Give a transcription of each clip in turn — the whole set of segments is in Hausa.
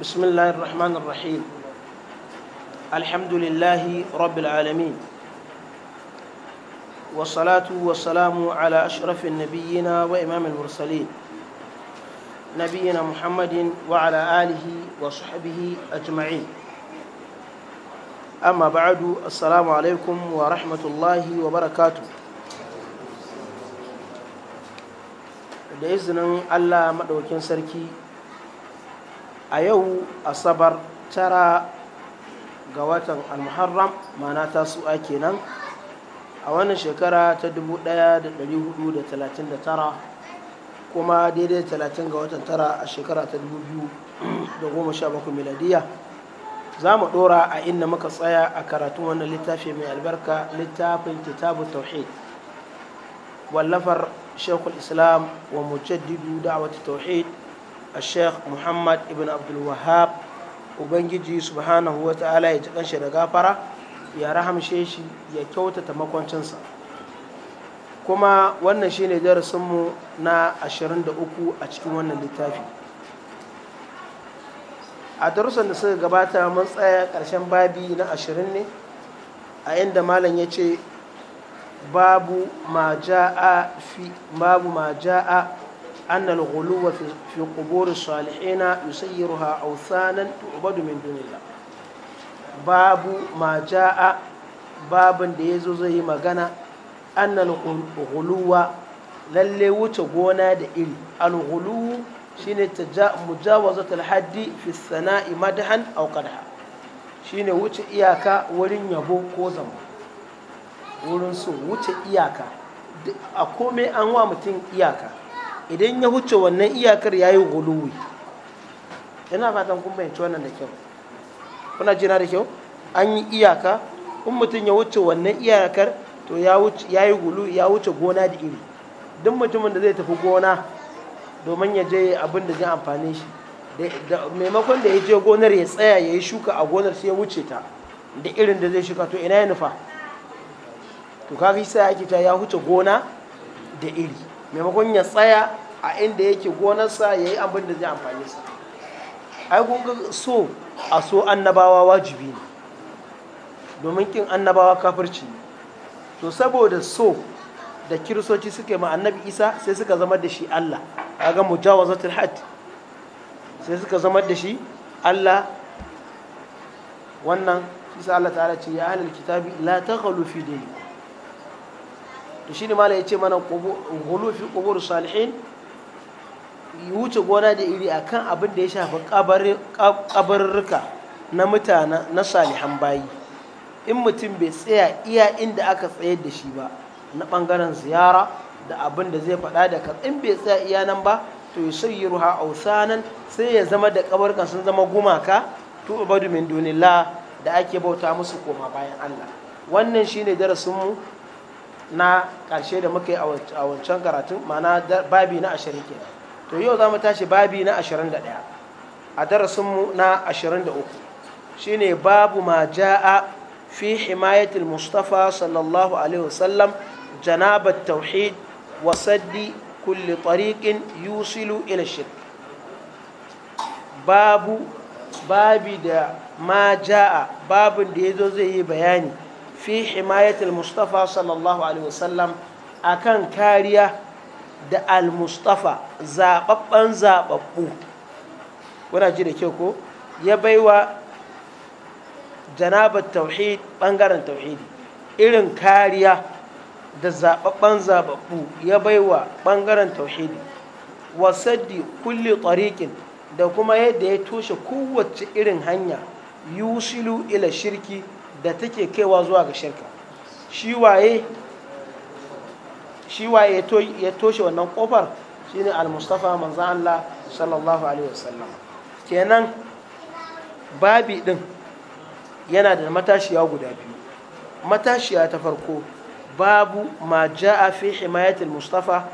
بسم الله الرحمن الرحيم الحمد لله رب العالمين والصلاة والسلام على أشرف النبيين وإمام المرسلين نبينا محمد وعلى آله وصحبه أجمعين أما بعد السلام عليكم ورحمة الله وبركاته da izinin allah maɗaukin sarki a yau asabar tara ga watan almuharram mana tasu'a kenan a wannan shekara ta 1439 kuma daidai 30 ga watan tara a shekara ta 2017 miladiya za mu dora a inda muka tsaya a karatun wannan littafi mai albarka littafin kitabu tauhid wallafar shekul islam wa mujaddidu da'awati tauhid الشيخ محمد ابن عبد الوهاب ubangiji subhanahu wa ta'ala ya ci kanshi da gafara ya rahamshe shi ya kyautata makwancinsa kuma wannan shine darasinmu na 23 a cikin wannan littafi a darussan da suka gabata mun tsaya ƙarshen babi na 20 ne a inda malam ya ce babu ma ja'a أن الغلو في قبور الصالحين يسيرها أوثانا تعبد من دون الله باب ما جاء باب ديزو زي ما قنا أن الغلو للي وتقونا دئل الغلو شين مجاوزة الحد في الثناء مدحا أو قدحا shine وتي إياكا wurin يبو كوزم zama سو وتي إياكا أقومي a komai an wa idan ya huce wannan iyakar ya yi guluwi yana fatan kun bayanci wannan da kyau kuna jina da kyau an yi iyaka in mutum ya wuce wannan iyakar to ya yi gulu ya wuce gona da iri duk mutumin da zai tafi gona domin ya je abin da zai amfani shi maimakon da ya je gonar ya tsaya ya yi shuka a gonar sai ya wuce ta da irin da zai shuka to ina ya nufa to kafi sai ake ta ya wuce gona da iri maimakon ya tsaya a inda yake gonarsa ya yi abin da zai amfani sa ai kun so a so annabawa wajibi ne domin kin annabawa kafirci ne to saboda so da kirisoci suke ma annabi isa sai suka zama da shi allah ga mujawazatul hadd sai suka zama da shi allah wannan isa allah ta ce ya halar kitabi la da fi dinikum to ne mala ya ce mana gulu fi qubur salihin wuce gona da iri akan abin da ya shafi kabarurka na mutane na salihan bayi in mutum bai tsaya iya inda aka tsayar da shi ba na ɓangaren ziyara da abin da zai faɗa da kan in bai tsaya iya nan ba to ya yi ruha nan sai ya zama da kabarkan sun zama gumaka to ubadu min da ake bauta musu koma bayan Allah wannan shine darasin mu na ƙarshe da muka yi a wancan karatun mana babi na ashirin kenan to yau za mu tashi babi na ashirin da ɗaya a darasinmu na ashirin da uku shine babu ma ja'a fi himayatul mustafa sallallahu alaihi wasallam janabat tauhid wa saddi kulli tariqin yusilu ila shirk babu babi da ma ja'a babin da yazo zai yi bayani fi himayatul mustafa sallallahu alaihi wasallam akan kariya da al-mustafa zababban zababbu ji da kyau ko ya baiwa janabar tauhid bangaren tauhidi irin kariya da zababban zababbu ya baiwa bangaren tauhidi wasaddi kulli tariqin da kuma yadda ya toshe kowace irin hanya yusilu ila shirki da take kaiwa zuwa ga shirka shi waye ya toshe wannan kofar shine al-mustafa manzon Allah sallallahu alaihi wasallam kenan babi din yana da matashiya guda biyu matashiya ta farko babu ma ja'a fi himayatul mustafa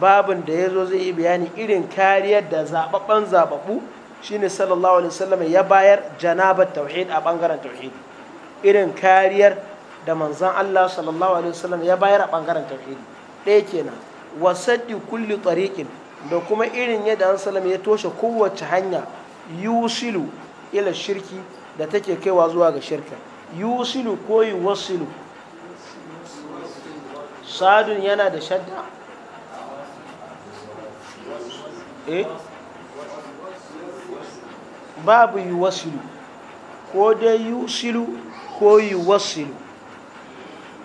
babin da yazo zai yi bayani irin kariyar da zababban zababbu shine sallallahu alaihi wasallam ya bayar janabar tauhid a bangaren tauhidi irin kariyar da manzan Allah sallallahu alaihi wasallam ya bayar a bangaren tauhidi ɗaya kenan wasaddi kulli tariqin da kuma irin yadda an salam ya toshe kowace hanya yusilu ila shirki da take kaiwa zuwa ga shirka yusilu ko yuwasilu sadun yana da shadda eh babu yuwasilu ko dai yusilu ko wasu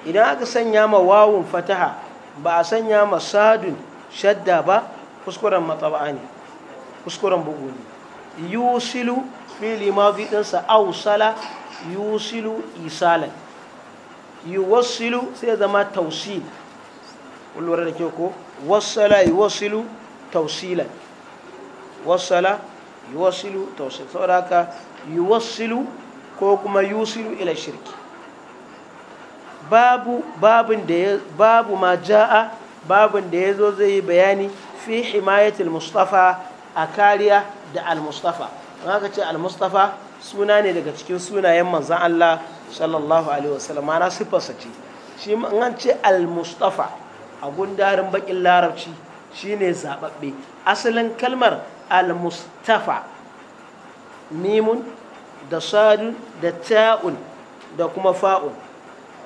idan aka sanya ma wawun fataha ba a sanya ma sadun shadda ba kuskuren matsaba'a ne kuskuren bugu ne yusilu fili mafi ɗinsa ausala yusilu isalan yuwassilu sai zama tausil lura da ke ko wasu yuwassilu tausilan wassala yuwassilu tausil saboda haka yuwassilu ko kuma yusuf ila shirki babu babin da babu ma ja'a babin da ya zo zai yi bayani fi himayatul mustafa a kariya da al-mustafa haka ce al-mustafa suna ne daga cikin sunayen manzon Allah sallallahu alaihi wasallam ana siffarsa ce shi an ce al-mustafa a gundarin bakin larabci shine zababbe asalin kalmar al-mustafa mimun da sadu da ta'un da kuma fa'un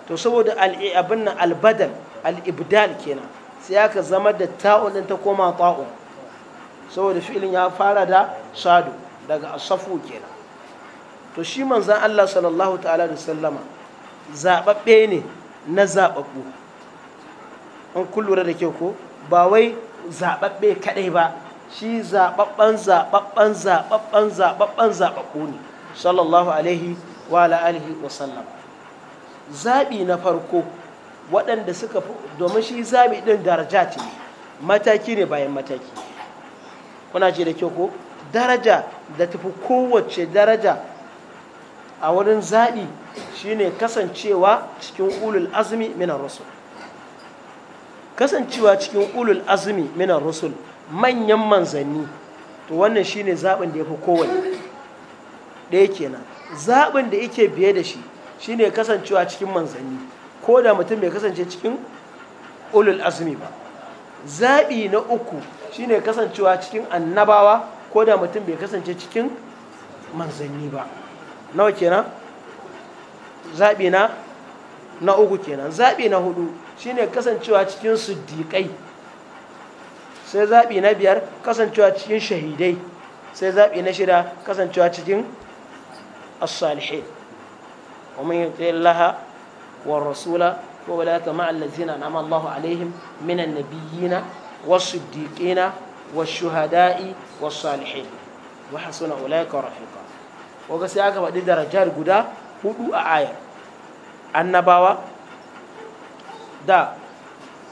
to saboda abin nan albadal al'ibdal kenan sai aka zama da ta'un ɗin ta koma ta'un saboda filin ya fara da sadu daga asafu kenan to shi manzan Allah sallallahu ta'ala da sallama zaɓaɓɓe ne na zaɓaɓɓu an kullura da ke ko ba wai zaɓaɓɓe kaɗai ba shi zaɓaɓɓen zaɓaɓɓen zaɓaɓɓen zaɓaɓɓen zaɓaɓɓu ne sallallahu alaihi wa alihi wa sallam zaɓi na farko waɗanda suka fi domin shi zaɓi ɗin daraja ce mataki ne bayan mataki kuna ji da kyau ko daraja da tafi kowace daraja a wurin zaɓi shine kasancewa cikin ulul azumi minan rasul kasancewa cikin ulul azumi minan rasul manyan manzanni to wannan shine zaɓin da ya fi kowane ɗaya kenan zaɓin da yake biye da shi shine kasancewa cikin manzanni ko da mutum bai kasance cikin ulul azumi ba zaɓi na uku shine kasancewa cikin annabawa ko da mutum bai kasance cikin manzanni ba nawa kenan zaɓi na na uku kenan zaɓi na hudu shine kasancewa cikin diƙai sai zaɓi na biyar kasancewa cikin shahidai sai zaɓi na shida kasancewa cikin الصالحين ومن يطع الله والرسول فأولئك مع الذين أنعم الله عليهم من النبيين والصديقين والشهداء والصالحين وحسن أولئك رفيقا وقسي أكبر دي درجات قدا هدوء آية النبوة da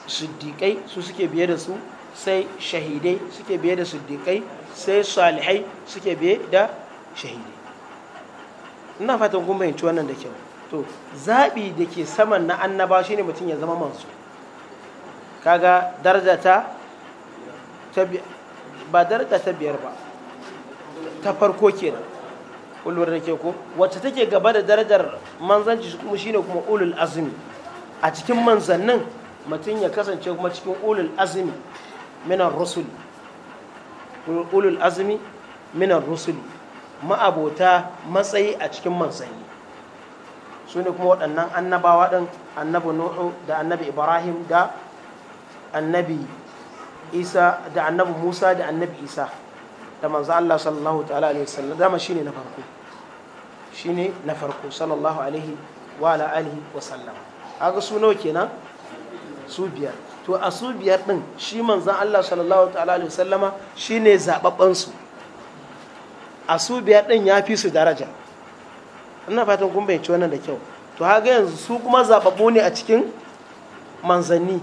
siddiƙai su suke biye da su sai shahidai suke biye da siddiƙai sai salihai suke biye da shahidai ina fatan kun fahimci wannan da kyau to zaɓi da ke saman na annaba shine mutum ya zama mansu kaga daraja ta ba daraja ta biyar ba ta farko kenan ulwar da ke ko wacce take gaba da darajar manzanci kuma shine kuma ulul azumi a cikin manzannin mutum ya kasance kuma cikin ulul azumi minan rusuli ulul azumi minan rusuli ma'abota matsayi a cikin manzanni su ne kuma waɗannan annabawa ɗin annabi nuhu da annabi ibrahim da annabi isa da annabi musa da annabi isa da manzo allah sallallahu ta'ala alaihi wasallam dama shine na farko shine na farko sallallahu alaihi wa ala alihi wa sallam aga su nawa kenan su biyar to a su biyar din shi manzon allah sallallahu ta'ala alaihi wasallama shine zababban su a su biyar ɗin ya fi su daraja ina fatan kun bayanci wannan da kyau to haka yanzu su kuma zaɓaɓɓu ne a cikin manzanni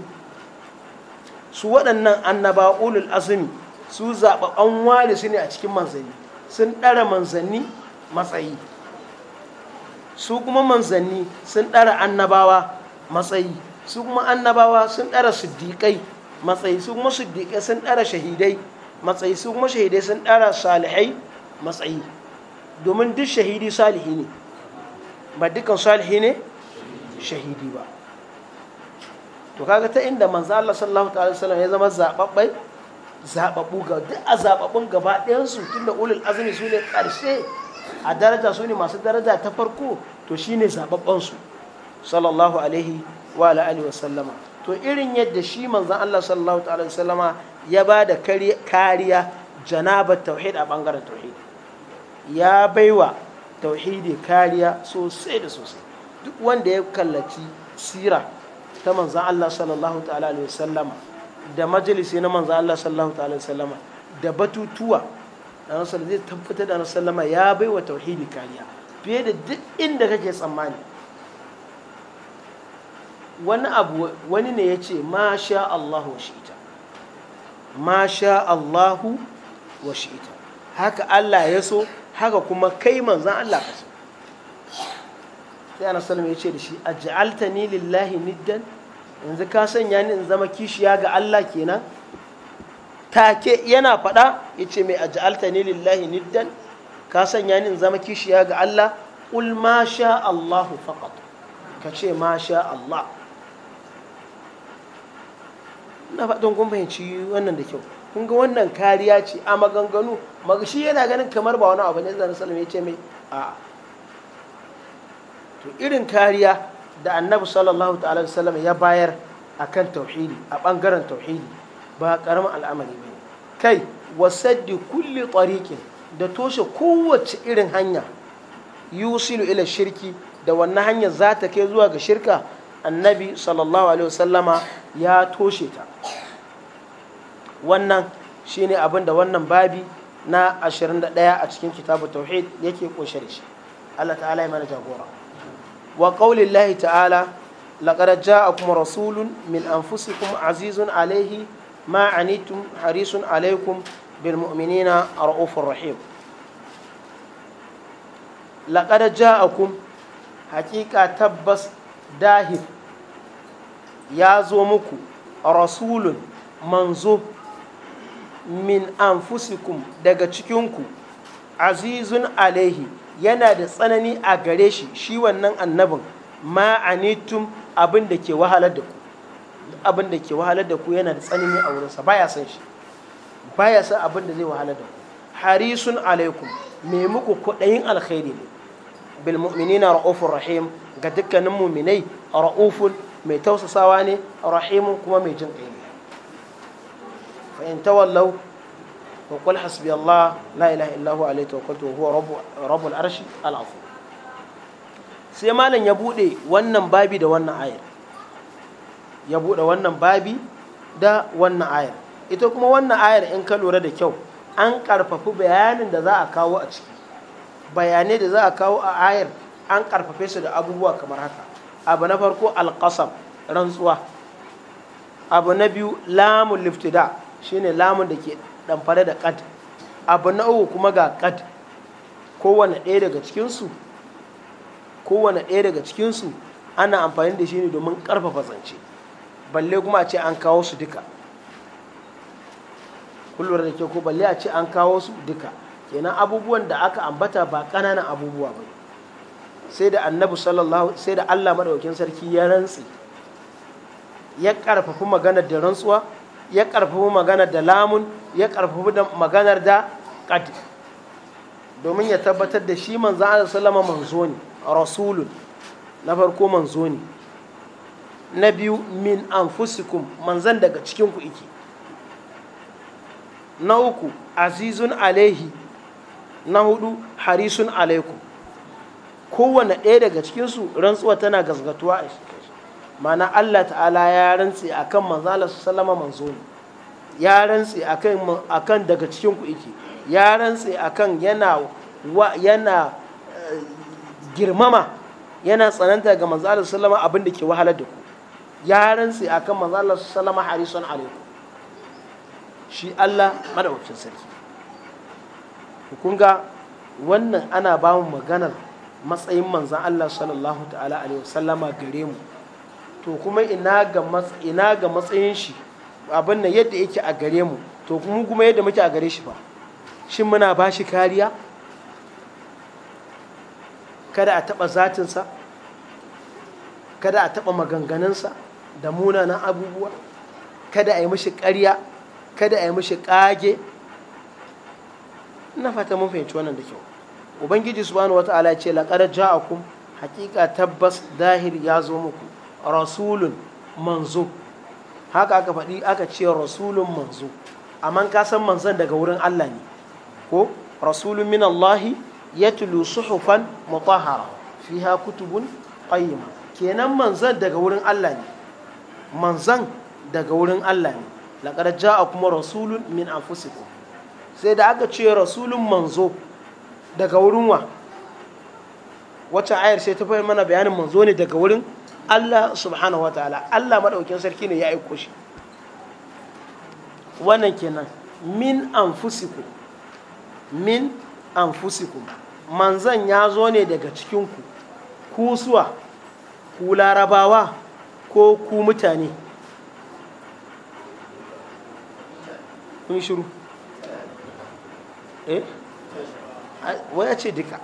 su waɗannan annaba ulul azumi su zaɓaɓɓan wale su ne a cikin manzanni sun ɗara manzanni matsayi su kuma manzanni sun ɗara annabawa matsayi su kuma annabawa sun ɗara siddiƙai matsayi su kuma siddiƙai sun ɗara shahidai matsayi su kuma shahidai sun ɗara salihai matsayi domin duk shahidi salihi ne ba dukkan salihi ne shahidi ba to kaga ta inda manzo Allah sallallahu alaihi wasallam ya zama zababbai zababbu ga duk a zababbun gaba ɗayan su tunda ulul azmi su ne karshe a daraja su ne masu daraja ta farko to shine zababban su sallallahu alaihi wa alihi wasallama to irin yadda shi manzon Allah sallallahu alaihi wasallama ya ba da kariya janaba tauhid a bangaren tauhid ya baiwa tauhidi kariya sosai da sosai duk wanda ya kallaci sira ta manzan Allah sallallahu ta'ala alaihi wasallama da majalisi na manzan Allah sallallahu ta'ala alaihi wasallama da batutuwa da nasu zai tabbatar da sallama ya baiwa tauhidi kariya fiye da duk inda kake tsammani wani abu wani ne ya ce ma sha Allahu wa shi'ita ma sha Allah wa shi'ita haka Allah ya so haka kuma kai manzan Allah ka so sai ana salama ya ce da shi aj'alta ni lillahi niddan yanzu ka sanya ni in zama kishiya ga Allah kenan take yana faɗa ya ce mai aj'alta ni lillahi niddan ka sanya ni in zama kishiya ga Allah ul ma sha Allah faqat ka ce ma sha Allah na faɗin gumbayanci wannan da kyau kun ga wannan kariya ce a maganganu shi yana ganin kamar ba wani abu ne da sallam ya ce mai a to irin kariya da annabi sallallahu ta'ala wasallam ya bayar a kan tauhidi a bangaren tauhidi ba karamin al'amari ba kai wasaddi kulli tsarikin da toshe kowace irin hanya yusilu ila shirki da wannan hanya za ta kai zuwa ga shirka annabi sallallahu alaihi wasallama ya toshe ta wannan shine abin da wannan babi na 21 a cikin kitabu tauhid yake kunshe da shi Allah ta'ala ya mana jagora wa qaulin lahi ta'ala laqad ja'akum rasulun min anfusikum azizun alaihi ma anitum harisun alaikum bil mu'minina ra'ufur rahim laqad ja'akum haqiqa tabbas dahir ya zo muku rasulun manzo min anfusikum daga cikinku azizun alaihi yana da tsanani a gare shi shi wannan annabin ma'anitum abin da ke wahalar da ku abin da ke wahalar da ku yana da tsanani a wurinsa baya san shi baya san abin da zai wahalar da ku harisun alaikum me muku kudayin alkhairi ne bil mu'minina ra'ufur rahim ga dukkanin mu'minai ra'ufun mai tausasawa ne rahimun kuma mai jin ne فإن تولوا فقل حسبي الله لا إله إلا هو عليه توكلت وهو رب رب العرش العظيم sai malam ya buɗe wannan babi da wannan ayar ya buɗe wannan babi da wannan ayar ita kuma wannan ayar in ka lura da kyau an ƙarfafi bayanin da za a kawo a ciki bayanai da za a kawo a ayar an ƙarfafe su da abubuwa kamar haka abu na farko alƙasam rantsuwa abu na biyu lamun liftida shine lamun da ke ɗanfare da ƙad abu na uku kuma ga ƙad kowane ɗaya daga cikinsu kowane ɗaya daga cikinsu ana amfani da shi ne domin ƙarfafa zance balle kuma a ce an kawo su duka kullum da ke ko balle a ce an kawo su duka kenan abubuwan da aka ambata ba ƙananan abubuwa ba sai da annabi sallallahu sai da allah maɗaukin sarki ya rantsi ya ƙarfafi maganar da rantsuwa ya karfafi maganar da lamun ya karfafi maganar da qad domin ya tabbatar da shi manzo Allah sallama manzo ne rasulun na farko manzo ne na biyu min anfusikum manzan daga cikin ku ike na uku azizun alaihi na hudu harisun alaikum kowane ɗaya daga cikinsu rantsuwa tana gasgatuwa a shi mana Allah ta'ala ya rantsi akan manzo Allah sallama manzo ne ya rantsi akan akan daga cikin ku yake ya rantsi akan yana yana eh, girmama yana tsananta ga manzo Allah sallama abin da ke wahalar da ku ya rantsi akan manzo Allah sallama harisun alaikum shi Allah madaukakin sarki hukunga wannan ana ba mu maganar matsayin manzan Allah sallallahu ta'ala alaihi wasallama gare mu to kuma ina ga matsayin shi abin nan yadda yake a gare mu to kuma kuma yadda muke a gare shi ba shin muna ba shi kariya kada a taɓa zatinsa kada a taɓa maganganunsa da munanan abubuwa kada a yi mashi ƙarya kada a yi mashi ƙage ina fata mun fahimci wannan da kyau ubangiji subhanahu wata'ala ya ce laqad ja'akum haƙiƙa tabbas dahir ya zo muku rasulun manzo haka aka faɗi aka ce rasulun manzo amma ka san manzon daga wurin Allah ne ko rasulun min Allahi tulu suhufan fi fiha kutubun qayyima kenan manzon daga wurin Allah ne manzon daga wurin Allah ne laqad kuma rasulun min anfusikum sai da aka ce rasulun manzo daga wurin wa wacce ayar sai ta fahimta mana bayanin manzo ne daga wurin Allah subhanahu ta'ala, Allah madaukin sarki ne ya aiko shi wannan kenan min anfusikum min anfusikum manzan ya zo ne daga cikinku ku suwa ku larabawa ko ku mutane kun shiru eh ya ce duka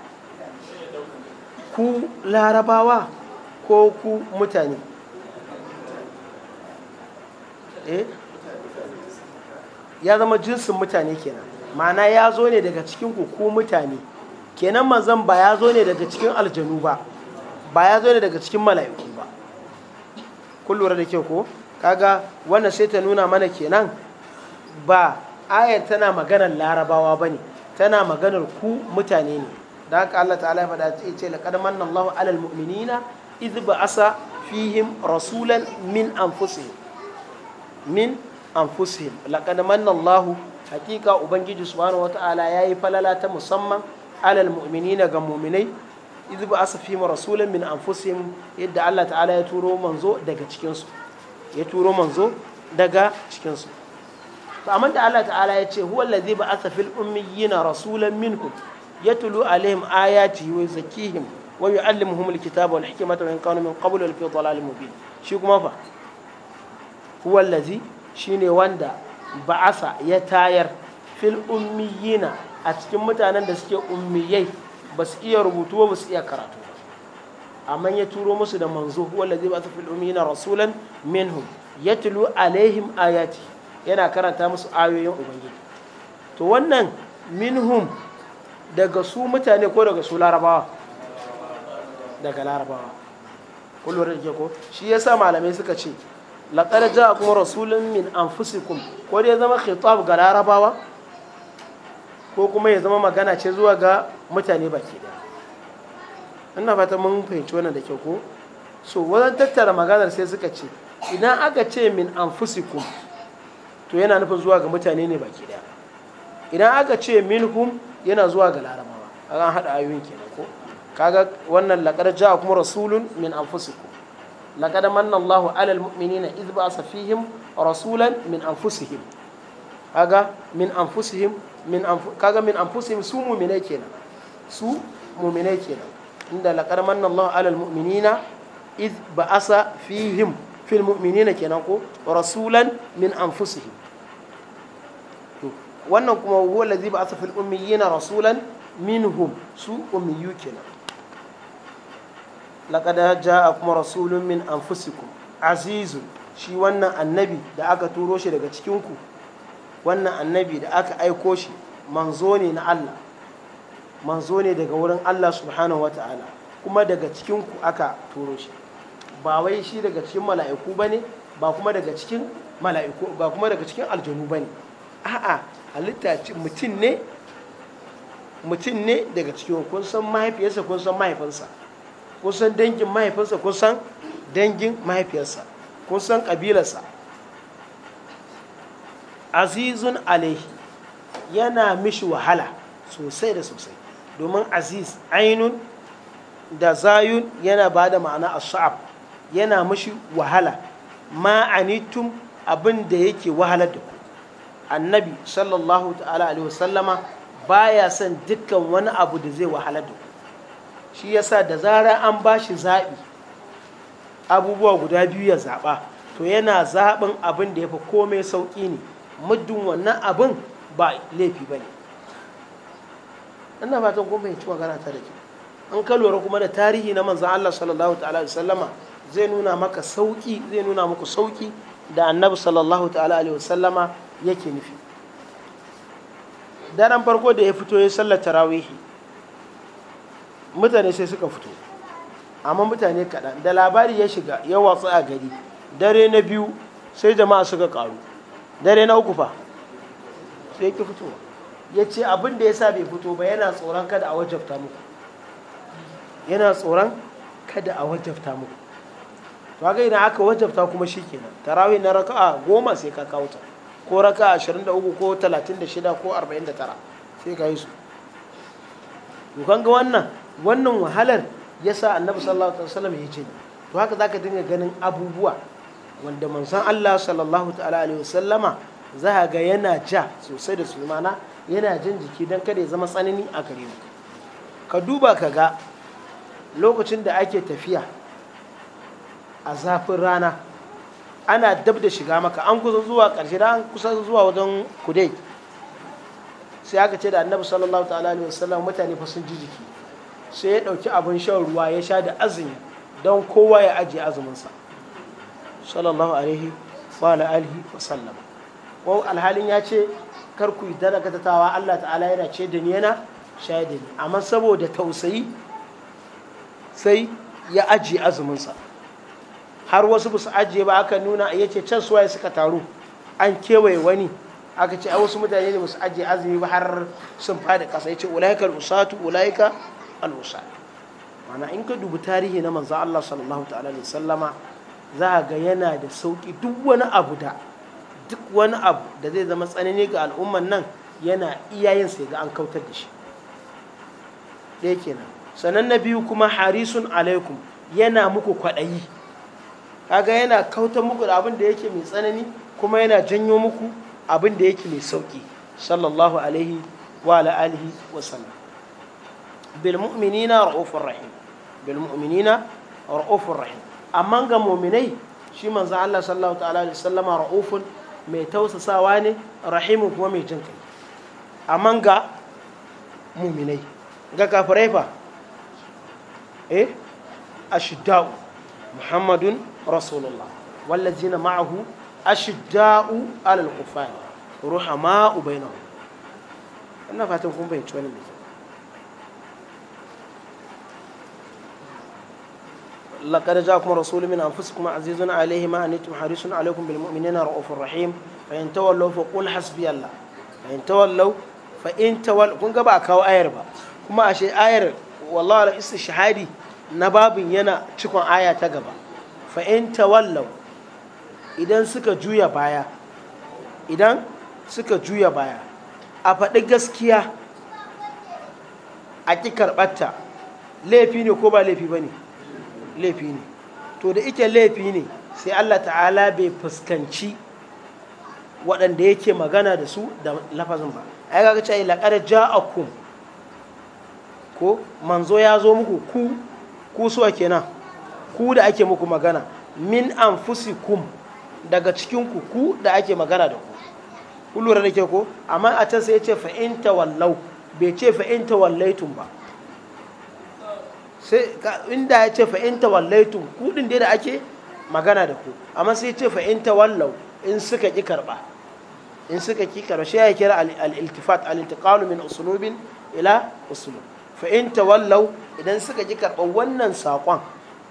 ku larabawa ko ku mutane eh? ya zama jinsin mutane kenan ma'ana ya zo ne daga cikin ku mutane kenan manzan ba ya zo ne daga cikin aljanu ba ba ya zo ne daga cikin mala'iku ba kun da kyau ko kaga wannan sai ta nuna mana kenan ba ayar tana maganar larabawa ba ne tana maganar ku mutane ne da haka Allah ta'ala ya faɗa ce laqad manna Allahu 'alal mu'minina idh ba'asa fihim rasulan min anfusihim min anfusihim laqad manna Allahu hakika ubangiji subhanahu wataala yayi falala ta musamman alal mu'minina ga mu'minai idh ba'asa fihim rasulan min anfusihim yadda Allah ta'ala ya turo manzo daga cikin su ya turo manzo daga cikin su to amma da Allah ta'ala ya ce huwa allazi ba'asa fil ummiyina rasulan minkum yatlu alaihim ayati wa zakihim. wa yu'allimuhum alkitaba wal hikmata wa in kanu min qablu lafi dhalalin mubin shi kuma fa huwa allazi shine wanda ba'asa ya tayar fil ummiyina a cikin mutanen da suke ummiyai ba su iya rubutu ba su iya karatu amma ya turo musu da manzo huwa allazi ba'asa fil ummiyina rasulan minhum yatlu alaihim ayati yana karanta musu ayoyin ubangiji to wannan minhum daga su mutane ko daga su larabawa daga larabawa kullum da ke ko shi ya sa malamai suka ce laqad kuma rasulun min fusikun ko dai zama khitab ga larabawa ko kuma ya zama magana ce zuwa ga mutane baki da ina fata mun fahimci wannan da ke ko so wajen tattara maganar sai suka ce idan aka ce min fusikun to yana nufin zuwa ga mutane ne baki da idan aka ce min hum yana zuwa ga larabawa a kan haɗa ayoyin kenan kaga wannan laqad kuma rasulun min anfusikum laqad manna Allahu 'alal mu'minina idh ba'atha fihim rasulan min anfusihim kaga min anfusihim min kaga min anfusihim su mu'minai kenan su mu'minai kenan inda laqad manna Allahu 'alal mu'minina idh ba'atha fihim fil mu'minina kenan ko rasulan min anfusihim wannan kuma huwa allazi sa fil ummiyina rasulan minhum su ummiyu kenan a kuma rasulun min anfusikum azizu shi wannan annabi da aka turo shi daga cikinku wannan annabi da aka aiko shi manzo ne na Allah manzo ne daga wurin Allah subhanahu wata'ala kuma daga cikinku aka turo shi ba wai shi daga cikin mala'iku ba ne ba kuma daga cikin mala'iku ba kuma daga cikin aljanu ba ne a'a halitta mutum ne mutum ne daga cikin kun san mahaifiyarsa kun san mahaifinsa kun dangin mahaifinsa kun dangin mahaifiyarsa kun san ƙabilarsa azizun alaihi yana mishi wahala sosai da sosai domin aziz ainun da zayun yana ba da ma'ana as'ab yana mishi wahala ma'anitum abin da yake wahala da ku annabi sallallahu ta'ala alaihi wasallama baya son dukkan wani abu da zai wahala da ku shi yasa da zarar an ba shi zaɓi abubuwa guda biyu ya zaɓa to yana zaɓin abin da ya fi komai sauƙi ne muddin wannan abin ba laifi ba ne ina fatan ko fahimci magana ta da ke an ka kuma da tarihi na manzan Allah sallallahu ta'ala zai nuna maka sauƙi zai nuna muku sauƙi da annabi sallallahu ta'ala alaihi yake nufi daren farko da ya fito ya sallar tarawihi mutane sai suka fito amma mutane kaɗan da labari ya shiga ya watsu a gari dare na biyu sai jama'a suka karu dare na uku fa sai ki fito ya ce abin da ya sa bai fito ba yana tsoron kada a wajabta muku yana tsoron kada a wajabta muku to ga idan aka wajabta kuma shikenan tarawi na raka'a goma sai ka kawo ta ko raka'a 23 ko 36 ko 49 sai ka yi su to kan ga wannan wannan wahalar ya sa annabi sallallahu alaihi wasallam ya ce to haka za ka dinga ganin abubuwa wanda manzon Allah sallallahu alaihi wasallama za ka ga yana ja sosai da sulmana yana jin jiki don kada ya zama tsanani a gare mu ka duba ka ga lokacin da ake tafiya a zafin rana ana dab da shiga maka an kusa zuwa ƙarshe da an kusa zuwa wajen kudai sai aka ce da annabi sallallahu alaihi wasallam mutane fa sun ji jiki sai ya ɗauki abin shan ruwa ya sha da azumi don kowa ya ajiye azuminsa sallallahu alaihi wa alihi wa sallam ko alhalin ya ce kar ku yi tawa Allah ta'ala yana ce da ni yana shayar da ni amma saboda tausayi sai ya ajiye azuminsa har wasu basu ajiye ba aka nuna ya ce can suwaye suka taru an kewaye wani aka ce a wasu mutane ne su ajiye azumi ba har sun fada kasa. yace ce usatu ulaika alwusa mana in ka dubi tarihi na manzo Allah sallallahu ta'ala alaihi sallama za ga yana da sauki duk wani abu da duk wani abu da zai zama tsanani ga al'umman nan yana iyayen sai ga an kautar da shi ɗaya kenan sannan na biyu kuma harisun alaikum yana muku kwaɗayi kaga yana kautar muku da abin da yake mai tsanani kuma yana janyo muku abin da yake mai sauki sallallahu alaihi wa alihi wa sallam bil mu'minina ra'ufur rahim bil mu'minina ra'ufur rahim amma ga mu'minai shi manzo Allah sallallahu ta'ala alaihi wasallama ra'ufun mai tausasawa ne rahimu kuma mai jin kai amma ga mu'minai ga kafirai eh muhammadun rasulullah والذين معه أشداء على الكفار رحماء بينهم أنا فاتنكم بين شوية لقد جاءكم رسول من أنفسكم عزيز عليه ما أنتم حريص عليكم بالمؤمنين رؤوف رحيم فإن تولوا فقل حسبي الله فإن تولوا فإن تولوا كن قبع كاو آير با كما أشي آير والله على استشهادي نباب ينا تكون آية تقبع فإن تولوا إذن سكا جويا بايا إذن سكا جويا بايا أفضل gaskiya a ƙi karɓarta laifi ne ko ba laifi ba ne laifi ne to da ike laifi ne sai Allah ta'ala bai fuskanci waɗanda yake magana da su da lafazin ba ai ga cewa laqad ja'akum ko manzo ya zo muku ku ku suwa kenan ku da ake muku magana min an anfusikum daga cikin ku da ake magana da ku ku lura da ke ko amma a can sai ya ce fa'inta wallau bai ce fa'inta wallaitun ba sai inda ya ce fa'in tawallaitum kudin dai da ake magana da ku amma sai ce fa'in wallau in suka ki karba in suka ki karba shi ya kira al'iltifat iltifat min usulubin ila usulub fa'in wallau idan suka ki karba wannan saƙon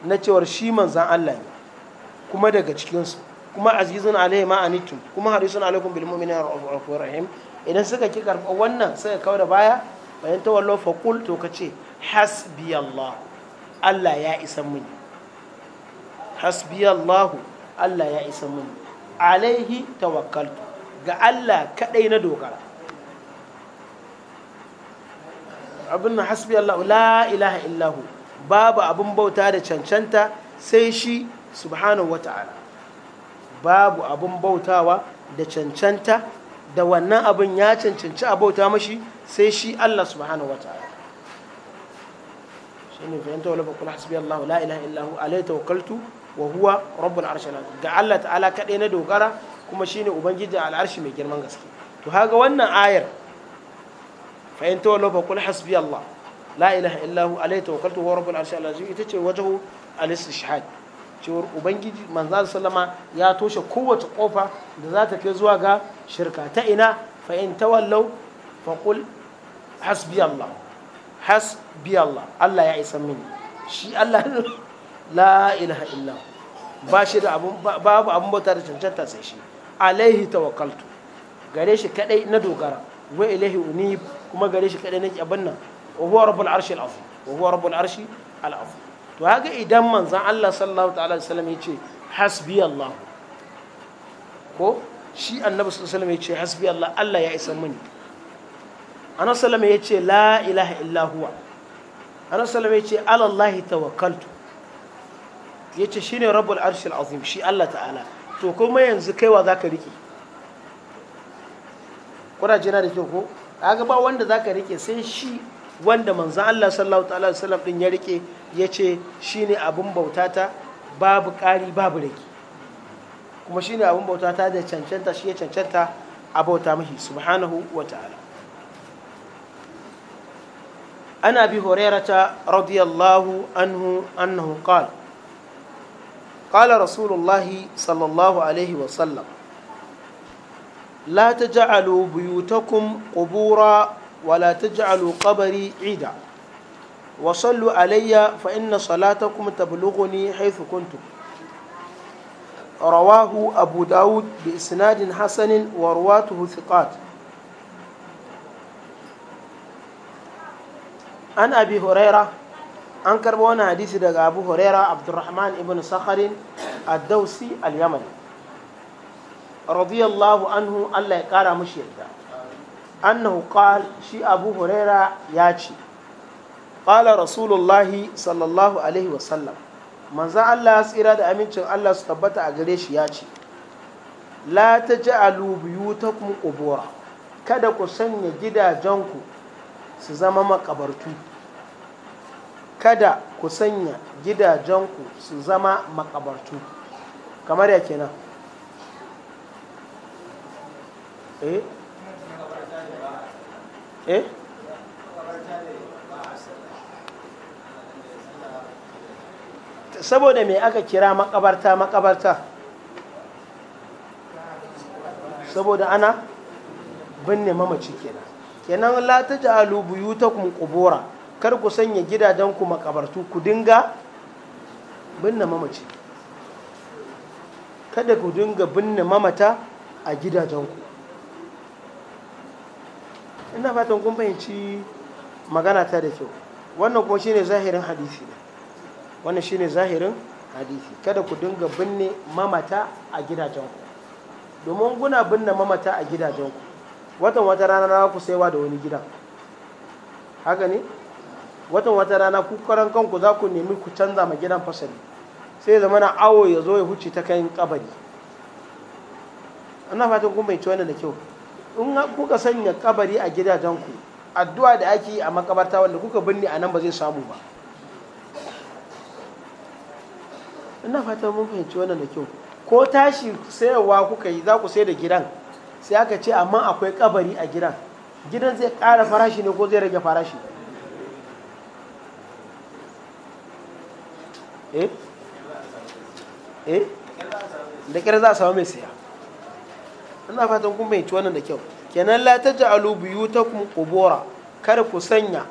na cewar shi manzan Allah ne kuma daga cikinsu kuma azizun alaihi ma anittum kuma harisun alaikum bil mu'minina ra'ufur rahim idan suka ki karba wannan suka kawo da baya wallau fa faqul to kace hasbiyallahu Allah ya isa mini hasbiyallahu Allah ya isa mini alaihi tawakkaltu ga Allah kadai na dogara abin na hasbiyallahu la ilaha illahu babu abin bauta da cancanta sai shi subhanahu wata'ala babu abin bautawa da cancanta da wannan abin ya cancanci a bauta mashi sai shi Allah subhanahu wata'ala shine fa wala qul hasbi Allah la ilaha illa hu alayhi tawakkaltu wa huwa rabbul arshil ga Allah ta'ala kadai na dogara kuma shine ubangiji al'arshi mai girman gaske to haga wannan ayar fa yanta wala qul hasbi Allah la ilaha illa hu alayhi tawakkaltu wa rabbul arshil azim ita ce wajahu al-istishhad cewar ubangiji manzan sallama ya toshe kowace kofa da za ta kai zuwa ga shirka ta ina fa in tawallau fa hasbi Allah has bi Allah Allah ya mini shi Allah la ilaha illa ba shi da abun babu abun bauta da cancanta sai shi alaihi tawakkaltu gare shi kadai na dogara wa ilaihi unib kuma gare shi kadai nake abin nan wa huwa rabbul arshi al wa huwa rabbul arshi al to haka idan manzon Allah sallallahu ta'ala alaihi wasallam yace hasbi Allah ko shi annabi sallallahu alaihi wasallam yace hasbi Allah Allah ya mini sallallahu alaihi wasallam yace la ilaha illa huwa annabi sallallahu ya ce alallahi tawakkaltu yace shine rabbul arshil azim shi Allah ta'ala to kuma yanzu kaiwa zaka rike kuna jina da kyau ko kaga ba wanda zaka rike sai shi wanda manzan Allah sallallahu alaihi wasallam din ya rike yace shine abun bautata babu ƙari babu rike kuma shine abun bautata da cancanta shi ya cancanta a bauta mahi subhanahu wa ta'ala أنا أبي هريرة رضي الله عنه أنه قال قال رسول الله صلى الله عليه وسلم لا تجعلوا بيوتكم قبورا ولا تجعلوا قبري عيدا وصلوا علي فإن صلاتكم تبلغني حيث كنتم رواه أبو داود بإسناد حسن ورواته ثقات an abi huraira an karɓo wani hadisi daga abu huraira abdurrahman ibn sakharin addausi al-yaman radiyallahu anhu allah ya ƙara mushi yadda annahu qal shi abu huraira ya ce qala rasulullahi sallallahu alaihi wasallam manzan allah ya tsira da amincin allah su tabbata a gare shi ya ce la ta ja'alu ta qubura kada ku sanya gidajenku su zama makabartu kada ku sanya gidajenku su zama makabartu kamar ya kenan eh eh saboda me aka kira makabarta makabarta saboda ana binne mamaci kenan kenan la taj'alu buyutakum qubura kar ku sanya gidajenku makabartu ku dinga binne mamaci kada ku dinga binne mamata a gidajenku ina fatan kun fahimci magana ta da kyau wannan kuma shine zahirin hadisi wannan shine zahirin hadisi kada ku dinga binne mamata a gidajenku domin guna binne mamata a gidajenku watan wata rana na ku saiwa da wani gidan haka ne watan wata rana ku kanku za ku nemi ku canza ma gidan fasali sai zama na awo ya zo ya huce ta kan kabari ana fatan kun bai wannan da kyau in kuka sanya kabari a gidajenku addu'a da ake yi a makabarta wanda kuka binne a nan ba zai samu ba ina fatan mun fahimci wannan da kyau ko tashi sayarwa kuka yi za ku sai da gidan sai aka ce amma akwai kabari a gidan gidan zai ƙara farashi ne ko zai rage farashi eh eh da kyar za a samu mai siya ina fatan kuma bayyanci wannan da kyau kenan la taj'alu buyutakum qubura kar ku sanya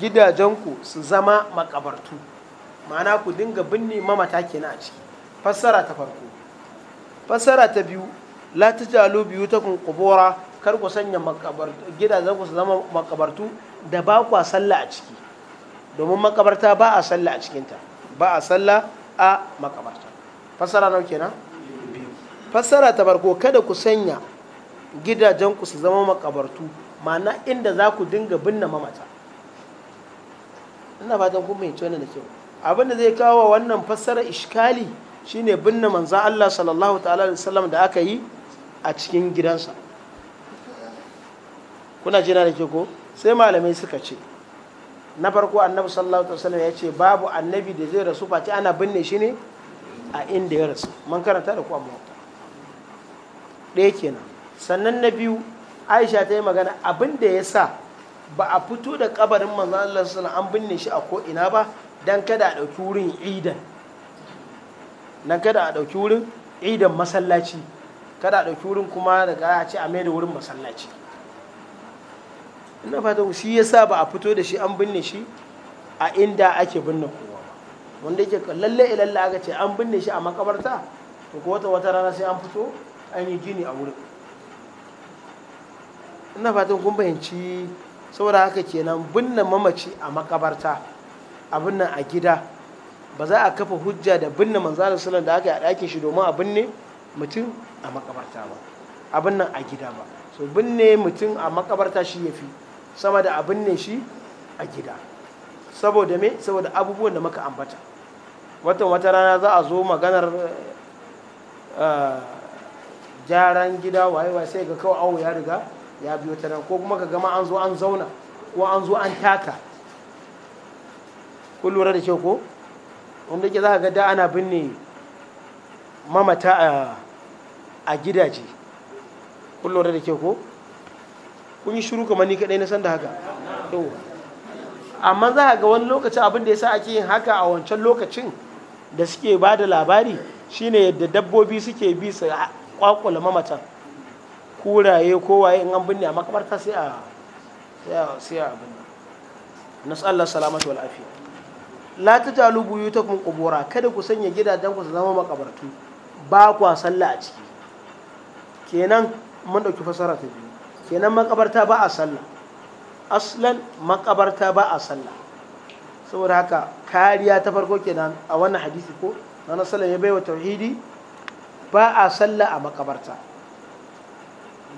gidajenku su zama makabartu ma'ana ku dinga binne mamata kenan a ciki fassara ta farko fassara ta biyu la taj'alu buyutakum qubura kar ku sanya makabartu gidajenku su zama makabartu da ba ku sallah a ciki domin makabarta ba a sallah a cikinta ta ba a sallah a makabarta fassara nau kenan fassara ta barko kada ku sanya gidajen ku su zama makabartu ma'ana inda za ku dinga binne mamata ina fatan kun fahimci cewa da kyau abin da zai kawo wannan fassara ishkali shine binne manza Allah sallallahu ta'ala da sallam da aka yi a cikin gidansa kuna jina da ke ko sai malamai suka ce na farko annabi sallallahu alaihi wasallam ya ce babu annabi da zai rasu face ana binne shi ne a inda ya rasu man karanta da ku amma ɗaya kenan sannan na biyu aisha ta yi magana abin da ya sa ba a fito da kabarin manzo Allah sallallahu an binne shi a ko ina ba dan kada a ɗauki wurin idan dan kada a dauki wurin idan masallaci kada a ɗauki wurin kuma daga a ce a mai da wurin masallaci ina fata shi ya sa ba a fito da shi an binne shi a inda ake binne kowa wanda yake lalle ilalle aka ce an binne shi a makabarta to ko wata wata rana sai an fito an yi gini a wurin ina fatan kun fahimci saboda haka kenan binne mamaci a makabarta a binne a gida ba za a kafa hujja da binne manzalar sunan da aka yi a ɗakin shi domin a binne mutum a makabarta ba a binne a gida ba so binne mutum a makabarta shi ya fi sama da abin ne shi a gida saboda me saboda abubuwan da muka ambata watan wata rana za a zo maganar jaran eh, gida wayewa sai ga kawai awo ya riga ya biyo ta ko kuma ka gama an zo an zauna ko an zo an taka ku lura da kyau ko wanda ke za ka ga da ana binne mamata a gidaje ku lura da kyau ko kun yi shiru kamar ni kaɗai na san da haka amma za a ga wani lokaci abin da ya sa ake yin haka a wancan lokacin da suke ba da labari shine yadda dabbobi suke bi su kwakwala mamatan kuraye kowaye in an binne a makabarta sai a sai a nasallar salamatu wal afiya la tajalu buyutakum qubura kada ku sanya gidajen ku su zama makabartu ba kwa sallah a ciki kenan mun dauki fasara ta biyu kenan makabarta ba a sallah aslan makabarta ba a sallah saboda haka kariya ta farko kenan a wannan hadisi ko na nasala ya baiwa tauhidi ba a sallah a makabarta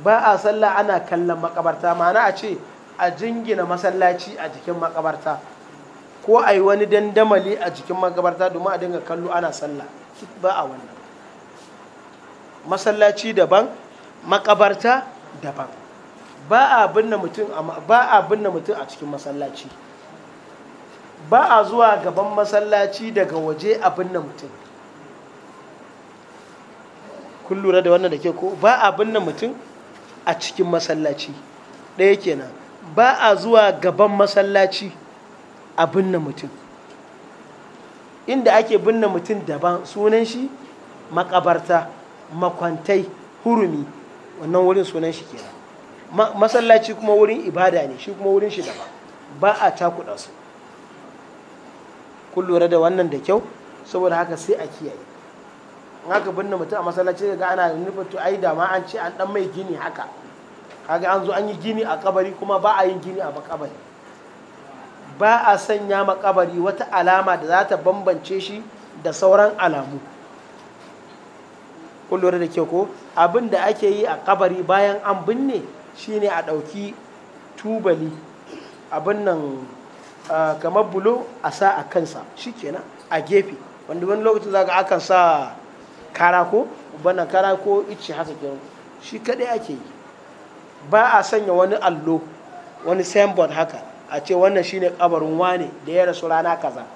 ba a sallah ana kallon makabarta mana a ce a jingina masallaci a jikin makabarta ko a yi wani dandamali a jikin makabarta domin a dinga kallo ana sallah ba a wannan masallaci daban makabarta daban ba a binne mutum a cikin masallaci ba a zuwa gaban masallaci daga waje a binne mutum kun lura da wannan da ke ko ba a binne mutum a cikin masallaci ɗaya kenan ba a zuwa gaban masallaci a binne mutum inda ake binne mutum daban sunan shi makabarta makwantai hurumi wannan wurin sunan shi kenan masallaci kuma wurin ibada ne shi kuma wurin shi daban ba a cakuɗa su kun lura da wannan da kyau saboda haka sai a kiyaye in haka binne mutum a masallaci ga ana nufin to ai da ma an ce an dan mai gini haka kaga an zo an yi gini a kabari kuma ba a yin gini a makabari ba a sanya makabari wata alama da za ta bambance shi da sauran alamu kun lura da kyau ko abin da ake yi a kabari bayan an binne shine a ɗauki tubali abin nan kamar bulo a sa a kansa shikenan a gefe wanda wani lokacin za ka akan sa karako bana karako ice haka kenan shi kaɗai ake yi ba a sanya wani allo wani signboard haka a ce wannan shine kabarin wane da ya rasu rana kaza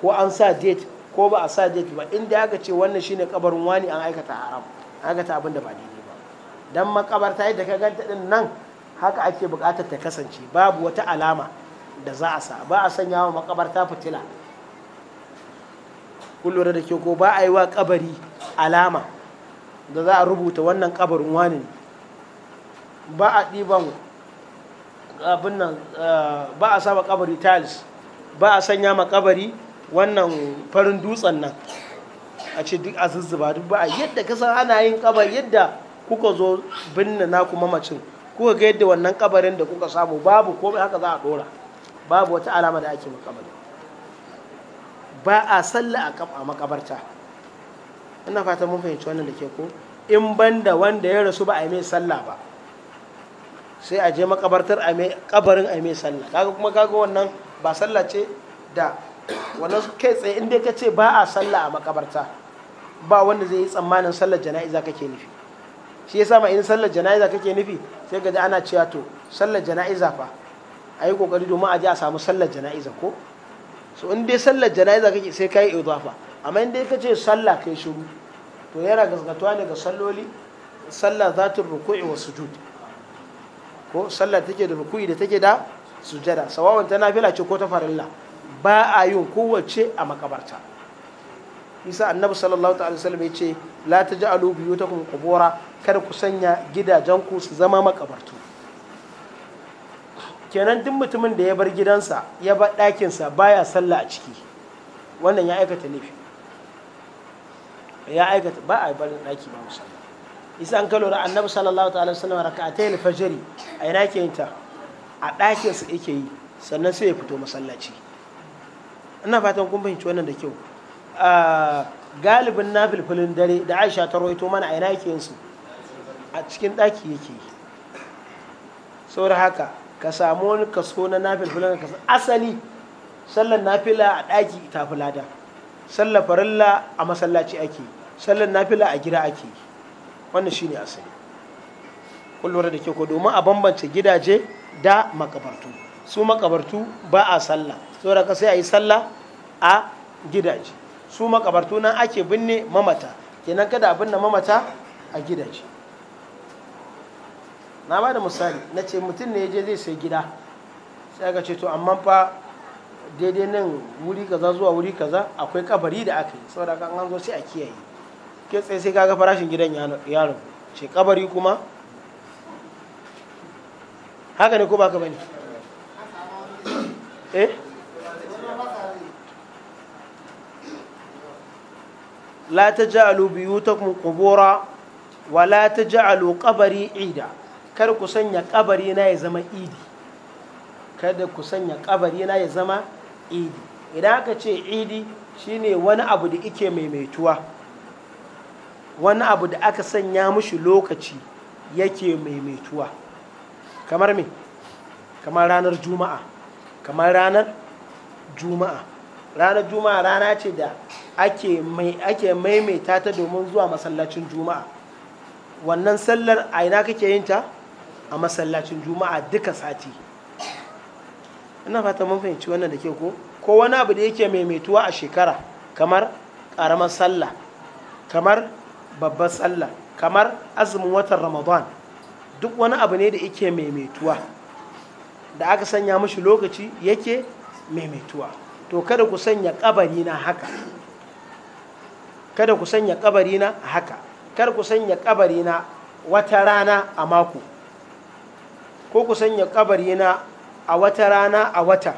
ko an sa date ko ba a sa date ba inda aka ce wannan shine kabarin wani an aikata haram an aikata abin da ba daidai dan makabarta yadda ka ganta din nan haka ake bukatar ta kasance babu wata alama da za a sa ba a sanya wa makabarta fitila kullum da ke ko ba a yi wa kabari alama da za a rubuta wannan kabarin wani ne ba a ɗiban abin nan eh, ba a saba kabari tiles ba a sanya ma kabari wannan farin dutsen nan a ce duk a zuzzuba duk ba a yadda kasan ana yin kabari yadda kuka zo binne na kuma mamacin kuka ga yadda wannan kabarin da kuka samu babu komai haka za a dora babu wata alama da ake makabarin ba a salla a makabarta ina fata mun fahimci wannan da ke ko in banda wanda ya rasu ba a yi mai sallah ba sai a je makabartar a mai kabarin a mai sallah kaga kuma kaga wannan ba sallah ce da wannan kai tsaye inda ka ce ba a sallah a makabarta ba wanda zai yi tsammanin sallar jana'iza kake nufi shi ya ma in sallar jana'iza kake nufi sai ga ana cewa to sallar jana'iza fa a yi kokari domin a je a samu sallar jana'iza ko so in dai sallar jana'iza kake sai kai idafa amma in dai kace sallah kai shiru to yana gaskatuwa ne ga salloli sallah zata ruku'i wa sujud ko sallah take da ruku'i da take da sujada sawawan ta nafila ce ko ta farilla ba a yin kowace a makabarta isa annabi sallallahu ta'ala wasallam ya ce la taj'alu biyutakum qubura kada ku sanya gidajenku su zama makabartu kenan duk mutumin da ya bar gidansa ya bar ɗakinsa baya sallah a ciki wannan ya aikata laifi ya aikata ba a barin ɗaki ba musamman isa an kalora annabi sallallahu ta'ala sallama raka'atai alfajiri a yana ke yin ta a ɗakinsa yake yi sannan sai ya fito masallaci ina fatan kun fahimci wannan da kyau ah, galibin na filfilin dare da aisha ta roito mana a yana ke yin su a cikin ɗaki yake yi saboda haka ka samu wani kaso na nafilfila kasa asali sallar nafila a ɗaki ta fi lada sallar farilla a masallaci ake sallar nafila a gida ake wannan shine asali kullum da ke ko domin a bambance gidaje da makabartu su makabartu ba a sallah saboda ka sai a yi sallah a gidaje su makabartu nan ake binne mamata kenan kada a binne mamata a gidaje na ba da misali na ce mutum ne je zai sai gida sai aka ce to amma fa daidai nan wuri kaza zuwa wuri kaza akwai kabari da aka yi saboda kan an zo sai a kiyaye ke tsaye sai kaga farashin gidan yaron ce kabari kuma haka ne ko ba ka bane eh لا تجعلوا بيوتكم wa la تجعلوا kabari عيدا kada ku sanya kabari na ya zama idi kada ku sanya kabari na ya zama idi idan aka ce idi shine wani abu da ike maimaituwa wani abu da aka sanya mushi lokaci yake maimaituwa kamar me kamar ranar juma'a kamar ranar juma'a ranar juma'a rana ce da ake maimaita ta domin zuwa masallacin juma'a wannan sallar a ina kake yin ta a masallacin juma'a duka sati ina fata mun fahimci wannan da ke ko ko wani abu da yake maimaituwa a shekara kamar karamar sallah kamar babbar sallah kamar azumin watan ramadan duk wani abu ne da yake maimaituwa da aka sanya mashi lokaci yake maimaituwa to kada ku sanya kabari na haka kada ku sanya kabari na haka kada ku sanya kabari na wata rana a mako ko ku sanya kabarina a wata rana a wata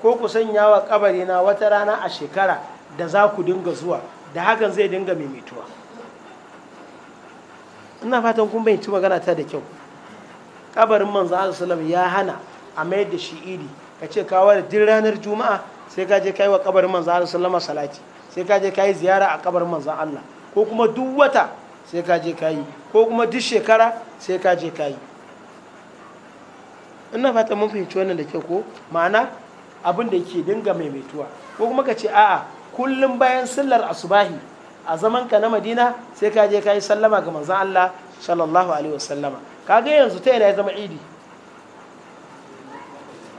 ko ku sanya wa kabarina wata rana a shekara da za ku dinga zuwa da hakan zai dinga maimaituwa. ina fatan kun bayyanci magana ta da kyau kabarin manzo sallam ya hana a mayar da shi idi ka ce kawo da ranar juma'a sai ka je kai wa kabarin manzo sallam salati sai ka je kai ziyara a kabarin manzo Allah ko kuma duk wata sai ka je kai ko kuma duk shekara sai ka je kai ina fata mun fahimci wannan da kyau ko ma'ana abin da ke dinga maimaituwa ko kuma ka ce a'a kullum bayan sallar asubahi a zaman ka na madina sai ka je ka yi sallama ga manzan Allah sallallahu alaihi ka ga yanzu ta yana ya zama idi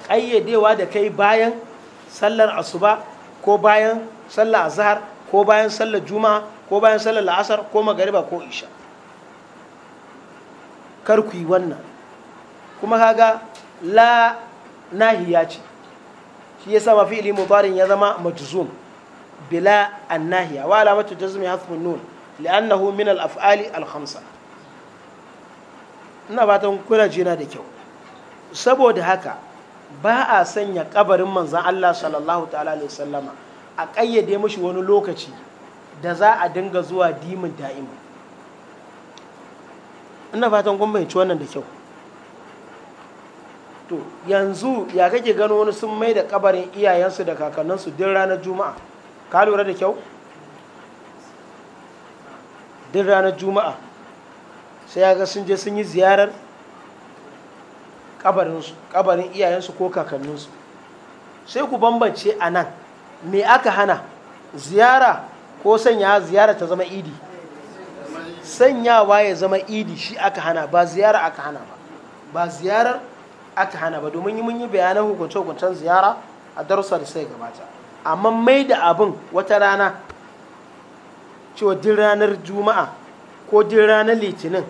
ƙayyadewa da kai bayan sallar asuba ko bayan sallar azhar ko bayan sallar juma'a ko bayan sallar la'asar ko magariba ko isha kar ku yi wannan kuma kaga la nahiya ce shi yasa sama fi'ili mubarin ya zama majzum bila an nahiya wa alamatu jazmi hasbun nun li'annahu min al-af'ali al-khamsa ina fatan kuna jina da kyau saboda haka ba a sanya kabarin manzan Allah sallallahu ta'ala alaihi sallama a kayyade mashi wani lokaci da za a dinga zuwa dimin da'ima ina fatan kun bayyanci wannan da kyau to yanzu ya kake gano wani sun mai da kabarin iyayensu da kakanninsu din ranar juma'a ka lura da kyau din ranar juma'a sai ya ga sun je sun yi ziyarar kabarin iyayensu ko kakanninsu sai ku bambance a nan me aka hana ziyara ko sanya ziyara ta zama idi sanyawa ya zama idi shi aka hana ba ziyara aka hana ba ba ziyarar aka hana ba domin mun yi bayanan hukunce-hukuncen ziyara a darussa sai gabata amma mai da abin wata rana cewa din ranar juma'a ko din ranar litinin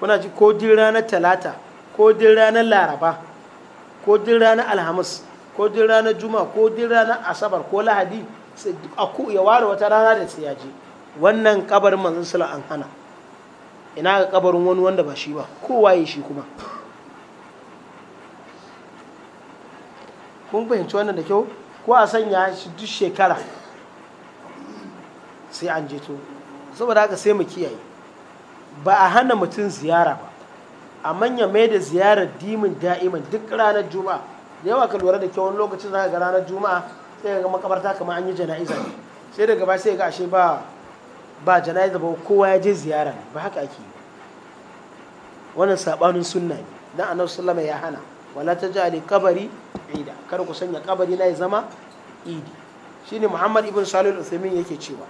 kuna ji ko din ranar talata ko din ranar laraba ko din ranar alhamis ko din ranar juma'a ko din ranar asabar ko lahadi ya ware wata rana da sai ya je wannan kabarin manzon sallallahu an hana ina ga kabarin wani wanda ba shi ba kowa ya shi kuma kun fahimci wannan da kyau ko a sanya shi duk shekara sai an je saboda haka sai mu kiyaye ba a hana mutum ziyara ba a manya mai da ziyarar dimin da'iman duk ranar juma'a da yawa ka lura da kyau wani lokacin za ga ranar juma'a sai ga makabarta kamar an yi jana'iza ne sai daga ba sai ga ashe ba ba jana'iza ba kowa ya je ziyara ba haka ake yi wannan sabanin sunna ne dan annabi sallama ya hana wala ta ji ali kabari ida kar ku sanya kabari na ya zama idi shine muhammad ibn salih al-uthaymin yake cewa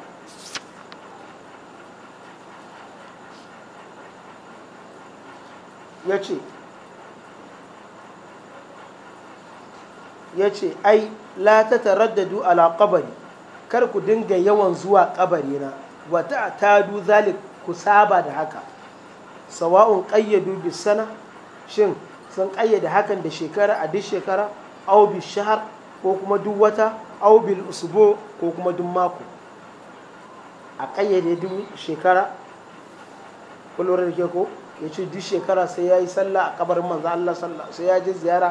ya ce ai la ta taraddadu ala kabari kar ku dinga yawan zuwa kabari na ta tadu zalik ku saba da haka sawa'un qayyadu bis sana shin sun ƙayyade hakan da shekara a duk shekara au bi shahar ko kuma duk wata au bil usbu ko kuma duk mako a ƙayyade duk shekara kullum ke ko ya ce duk shekara sai ya yi sallah a kabarin manzo Allah sallah sai ya ji ziyara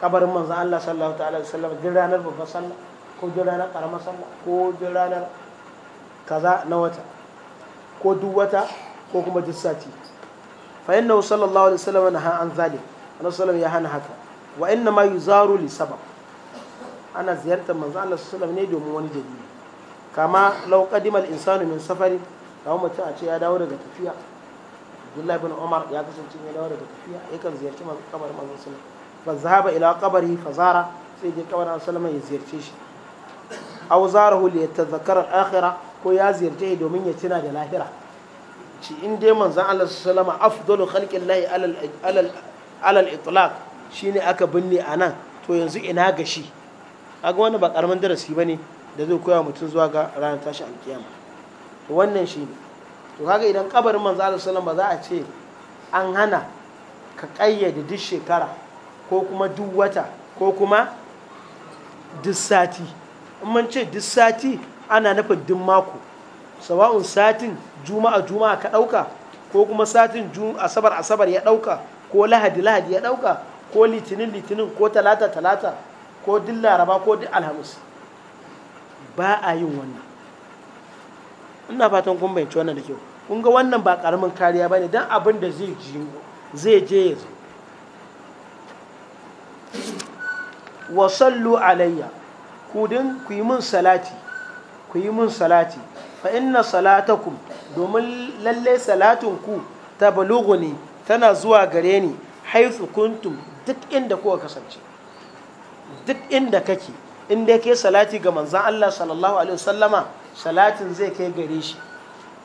kabarin manzo Allah sallallahu ta'ala alaihi wasallam duk ranar babban sallah ko duk ranar karamar sallah ko duk ranar kaza na wata ko duk wata ko kuma duk sati fa innahu sallallahu alaihi wasallam naha an zalim annabi sallallahu ya hana haka wa inna ma yuzaru li sabab ana ziyartar manza Allah sallallahu ne domin wani dalili kama law qadima al min safari kawo mutum a ce ya dawo daga tafiya Abdullahi bin Umar ya kasance ya dawo daga tafiya yakan ziyarci kabarin manzo sallallahu fa zahaba ila qabri fa zara sai dai kabarin sallallahu ya ziyarce shi aw zarahu li yatadhakkara al akhirah ko ya ziyarce domin ya cina da lahira ci in dai manzan Allah sallama afdalu khalqin lahi alal itlaq shine aka binne a nan to yanzu ina ga shi kaga wannan ba karamin darasi bane da zai koya mutun zuwa ga ranar tashi alkiyama wannan shine to kaga idan kabarin manzan Allah sallama ba za a ce an hana ka kayyade duk shekara ko kuma duk wata ko kuma duk sati in mun ce duk sati ana nufin duk mako sawa'un satin juma'a juma'a ka ɗauka ko kuma satin asabar asabar ya ɗauka ko lahadi lahadi ya ɗauka ko litinin litinin ko talata talata ko duk laraba ko duk alhamis ba a yin wannan ina fatan kun bayanci wannan da kyau kun ga wannan ba karamin kariya ba ne don abin da zai je ya zo wa sallu alayya ku din ku yi min salati ku yi min salati fa inna salatakum domin lalle salatun ku ta baluguni tana zuwa gare ni haifu kuntum duk inda kuka kasance duk inda kake inda ke salati ga manzan Allah sallallahu alaihi wasallama salatin zai kai gare shi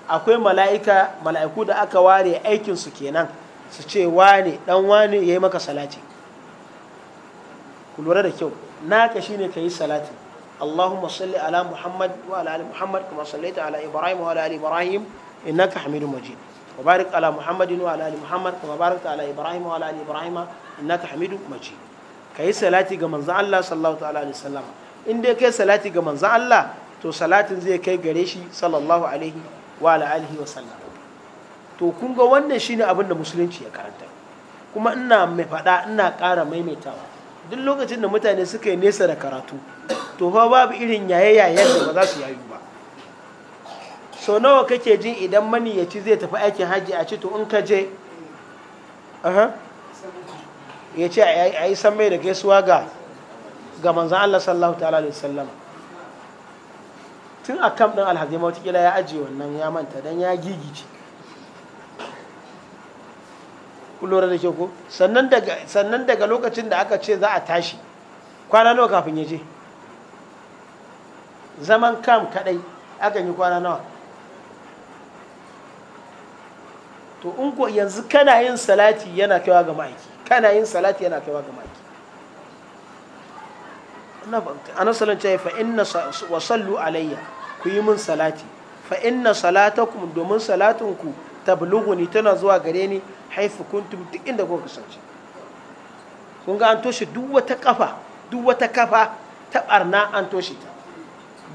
akwai mala'ika mala'iku da aka ware aikinsu kenan su ce wane dan wane yi maka salati ku lura da kyau naka shine yi salatin. اللهم صل على محمد وعلى ال محمد كما صليت على ابراهيم وعلى ال ابراهيم انك حميد مجيد وبارك على محمد وعلى ال محمد كما باركت على ابراهيم وعلى ال ابراهيم انك حميد مجيد كاي صلاتي ga manzon Allah sallallahu ta'ala alaihi wasallam in dai kai salati ga manzon Allah to salatin zai kai gare shi sallallahu alaihi wa ala alihi wa sallam to kun wannan shine abin da musulunci ya karanta kuma ina mai fada ina ƙara maimaitawa duk lokacin da mutane suka yi nesa da karatu to fa babu irin yaye yaye da ba za su yayu ba so nawa kake jin idan mani ya ci zai tafi aikin hajji a ce to in ka je ya ce a yi san mai da gaisuwa ga ga manzan Allah sallallahu ta'ala da sallama tun a kam ɗin alhazima watakila ya ajiye wannan ya manta don ya gigice kun lura da ke ko sannan daga lokacin da aka ce za a tashi kwana nawa kafin ya je zaman kam kadai aka yi kwana nawa to in ko yanzu kana yin salati yana kaiwa ga ma'aiki kana yin salati yana kaiwa ga ma'aiki ana ce fa inna wa sallu alayya ku yi min salati fa inna salatakum domin salatunku tablughuni tana zuwa gare ni haifu duk inda kuka kasance kun ga an toshe duk wata kafa duk wata kafa ta barna an toshe ta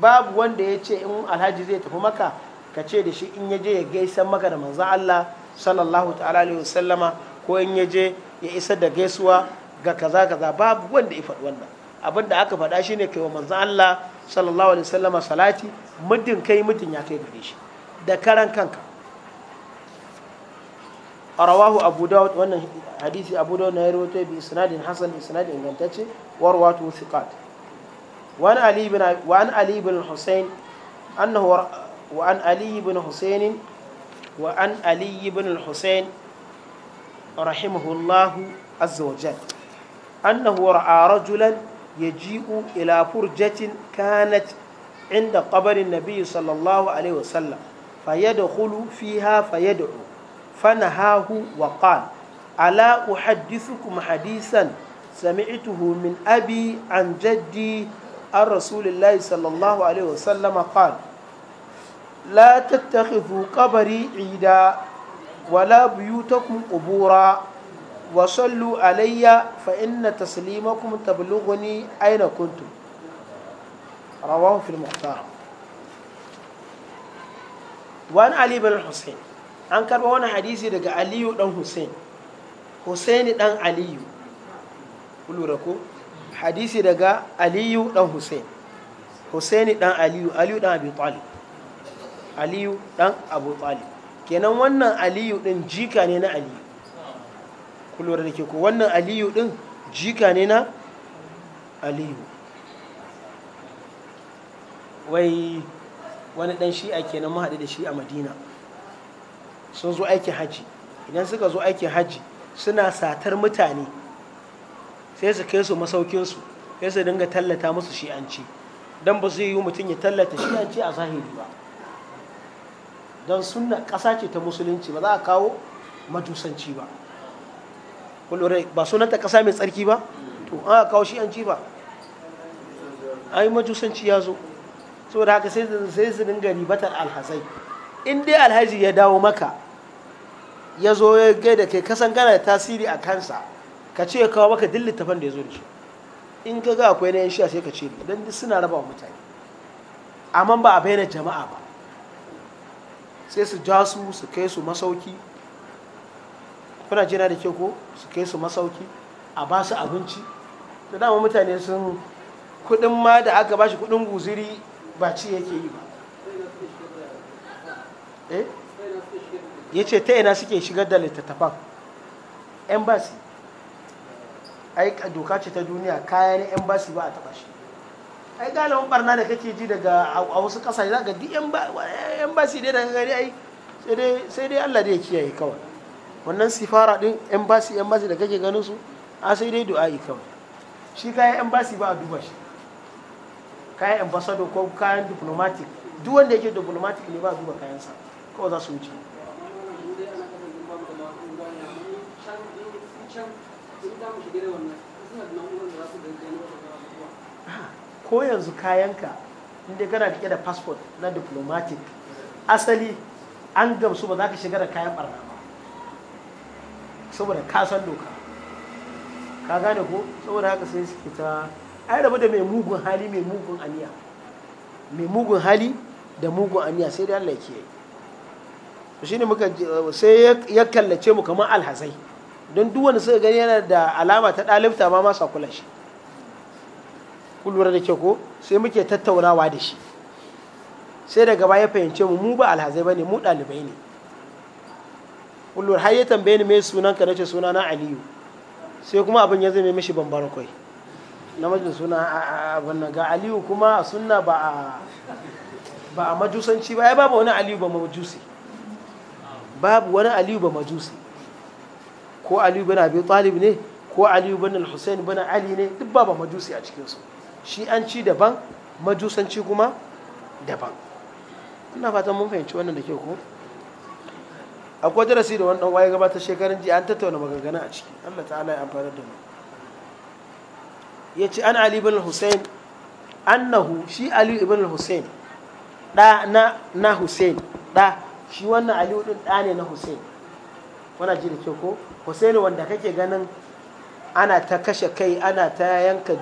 babu wanda ya ce in alhaji zai tafi maka ka ce da shi in ya je ya gaisa maka da manzan Allah sallallahu ta'ala alaihi wasallama ko in ya je ya isa da gaisuwa ga kaza kaza babu wanda ya faɗi wannan abin da aka faɗa shine kai wa manzan Allah sallallahu alaihi wasallama salati muddin kai muddin ya kai gare shi da karan kanka rawahu abu dawud wannan hadisi abu dawud na yarwato bi isnadin hasan isnadin ingantacce warwatu thiqat wa an ali ibn wa an ali ibn husayn annahu wa an ali ibn husayn wa an ali ibn husayn rahimahullahu azza wa jalla annahu ra'a rajulan yaji'u ila furjatin kanat عند قبر النبي صلى الله عليه وسلم فيدخل فيها فنهاه وقال ألا أحدثكم حديثا سمعته من أبي عن جدي الرسول الله صلى الله عليه وسلم قال لا تتخذوا قبري عيدا ولا بيوتكم قبورا وصلوا علي فإن تسليمكم تبلغني أين كنتم رواه في المختار وعن علي بن الحسين an karba wani hadisi daga aliyu dan hussein husaini dan aliyu lura ko hadisi daga aliyu dan hussein husaini dan aliyu aliyu dan abu talib aliyu dan abu talib kenan wannan aliyu din jika ne na aliyu kulura da ke ku wannan aliyu din jika ne na aliyu wai wani dan shi'a kenan mahadi da shi a madina sun zo aikin hajji idan suka zo aikin hajji suna satar mutane sai su kai su masaukinsu sai su dinga tallata musu shi'anci don ba zai yi mutum ya tallata shi'anci a zahiri ba don suna ƙasa ce ta musulunci ba za a kawo majusanci ba ba sunanta ƙasa mai tsarki ba to an kawo shi'anci ba a yi majusanci ya zo saboda haka sai su dinga ribatar alhazai in dai alhaji ya dawo maka ya zo ya gai da kai kasan gana da tasiri a kansa ka ce kawo maka duk littafan da ya zo da shi in ka ga akwai na yan shiya sai ka ce don duk suna raba wa mutane amma ba a bayyana jama'a ba sai su ja su su kai su masauki kuna jira da ke ko su kai su masauki a ba su abinci da dama mutane sun kudin ma da aka ba shi kudin guziri ba ci yake yi ba Eh? ya ce ta ina suke shigar da littattafan embassy ai doka ce ta duniya kaya na embassy ba a taba shi ai galibin barna da kake ji daga a wasu kasashe zaka duk embassy ne daga gari ai sai dai Allah da ya kiyaye kawai wannan sifara din embassy embassy da kake ganin su a sai dai du'a'i kawai shi kayan embassy ba a duba shi kayan ambassador ko kayan diplomatic duk wanda yake diplomatic ne ba a duba kayansa ko za su wuce ko yanzu kayanka inda kana rike da passport na diplomatic asali an gamsu ba za ka shiga da kayan barna ba saboda ka san doka ka gane ko saboda haka sai suke ta ai rabu da mai mugun hali mai mugun aniya mai mugun hali da mugun aniya sai da Allah ya kiyaye shi ne muka sai ya kallace mu kamar alhazai don duk wanda suka gani yana da alama ta ɗalibta ma masa kula shi ku da ke ko sai muke tattaunawa da shi sai daga baya fahimce mu mu ba alhazai ba ne mu ɗalibai ne ku har ya tambaye ni mai sunan ka nace suna na aliyu sai kuma abin ya zame mishi bambara kwai namijin suna abin nan ga aliyu kuma a sunna ba a majusanci ba ya ba wani aliyu ba majusi babu wani aliyu ba majusi ko aliyu bin abi talib ne ko aliyu bin al-husayn bin ali ne duk ba majusi a cikinsu shi an ci daban majusanci kuma daban ina fatan mun fahimci wannan da ke ko akwai darasi da wannan waye gabata shekarun ji an tattauna maganganu a ciki Allah ta'ala ya amfanar da mu ya ci an ali ibn al-husayn annahu shi ali ibn al-husayn da na na husayn da shi wannan aliyu din ɗa ne na hussein wana ji da ke ko hussein wanda kake ganin ana ta kashe kai ana ta yanka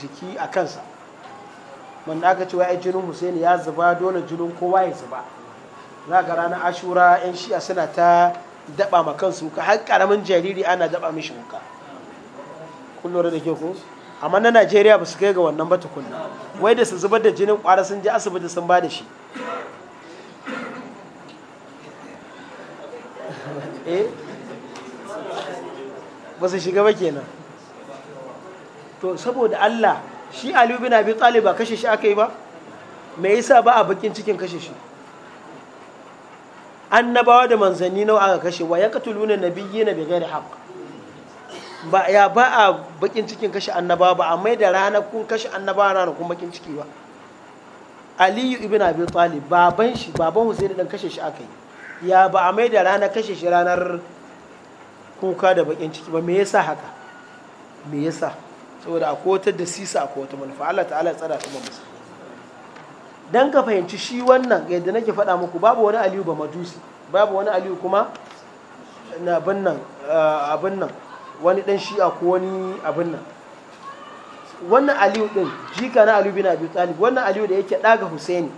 jiki a kansa wanda aka ce wai jinin hussein ya zuba dole jinin kowa ya zuba za ga ranar ashura yan shi'a suna ta daba ma kansu ka har karamin jariri ana daba mishi wuka kun da ke ko amma na najeriya ba su kai ga wannan ba tukunna wai da su zubar da jinin kwara sun je asibiti sun ba da shi eh ba su shiga ba kenan to saboda Allah shi Aliyu bin Abi Talib ba kashe shi aka yi ba me yasa ba a bakin cikin kashe shi annabawa da manzanni nawa aka kashe wa ya katuluna nabiyyina bi ghairi haqq ba ya ba a bakin cikin kashe annabawa ba amma da rana kun kashe annabawa rana kun bakin ciki ba Aliyu ibn Abi Talib baban shi baban Husaini dan kashe shi aka yi ya ba a mai da rana kashe shi ranar kuka da bakin ciki ba me yasa haka me yasa saboda akwai wata da sisa akwai wata manufa Allah ta'ala ya tsara tsuma musu dan ka fahimci shi wannan yadda nake faɗa muku babu wani aliyu ba majusi babu wani aliyu kuma na abin nan ah, abin nan wani dan shi ko wani abin nan wannan aliyu din jika na aliyu bin abi talib wannan aliyu da yake ɗaga husaini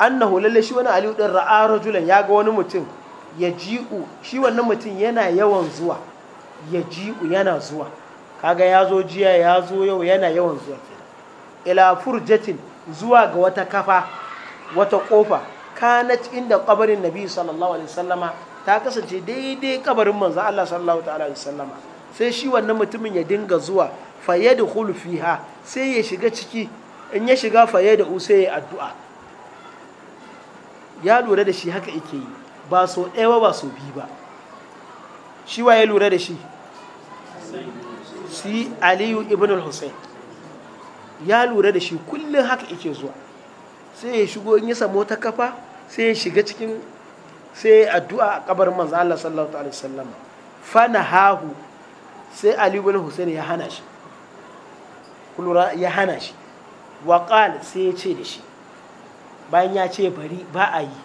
annahu lalle shi wani aliyu din ra'a rajulan ya ga wani mutum ya ji'u shi wannan mutum yana yawan zuwa ya ji'u yana zuwa kaga ya zo jiya ya zo yau yana yawan zuwa ila furjatin zuwa ga wata kafa wata kofa kanat inda kabarin nabi sallallahu alaihi wasallama ta kasance daidai kabarin manzo Allah sallallahu ta'ala alaihi wasallama sai shi wannan mutumin ya dinga zuwa fayadkhul fiha sai ya shiga ciki in ya shiga fayadu da sai ya addu'a ya lura da shi haka ike yi ba so ɗaya ba so biyu ba shi wa ya lura da shi si aliyu ibn al-hussein ya lura da shi kullum haka ike zuwa sai ya shigo in yi samu ta kafa sai ya shiga cikin sai ya addu'a a kabarin manzo Allah sallallahu alaihi wasallam fana hahu sai aliyu ibn al-hussein ya hana shi kullura ya hana shi wa sai ya ce da shi bayan ya ce bari ba a yi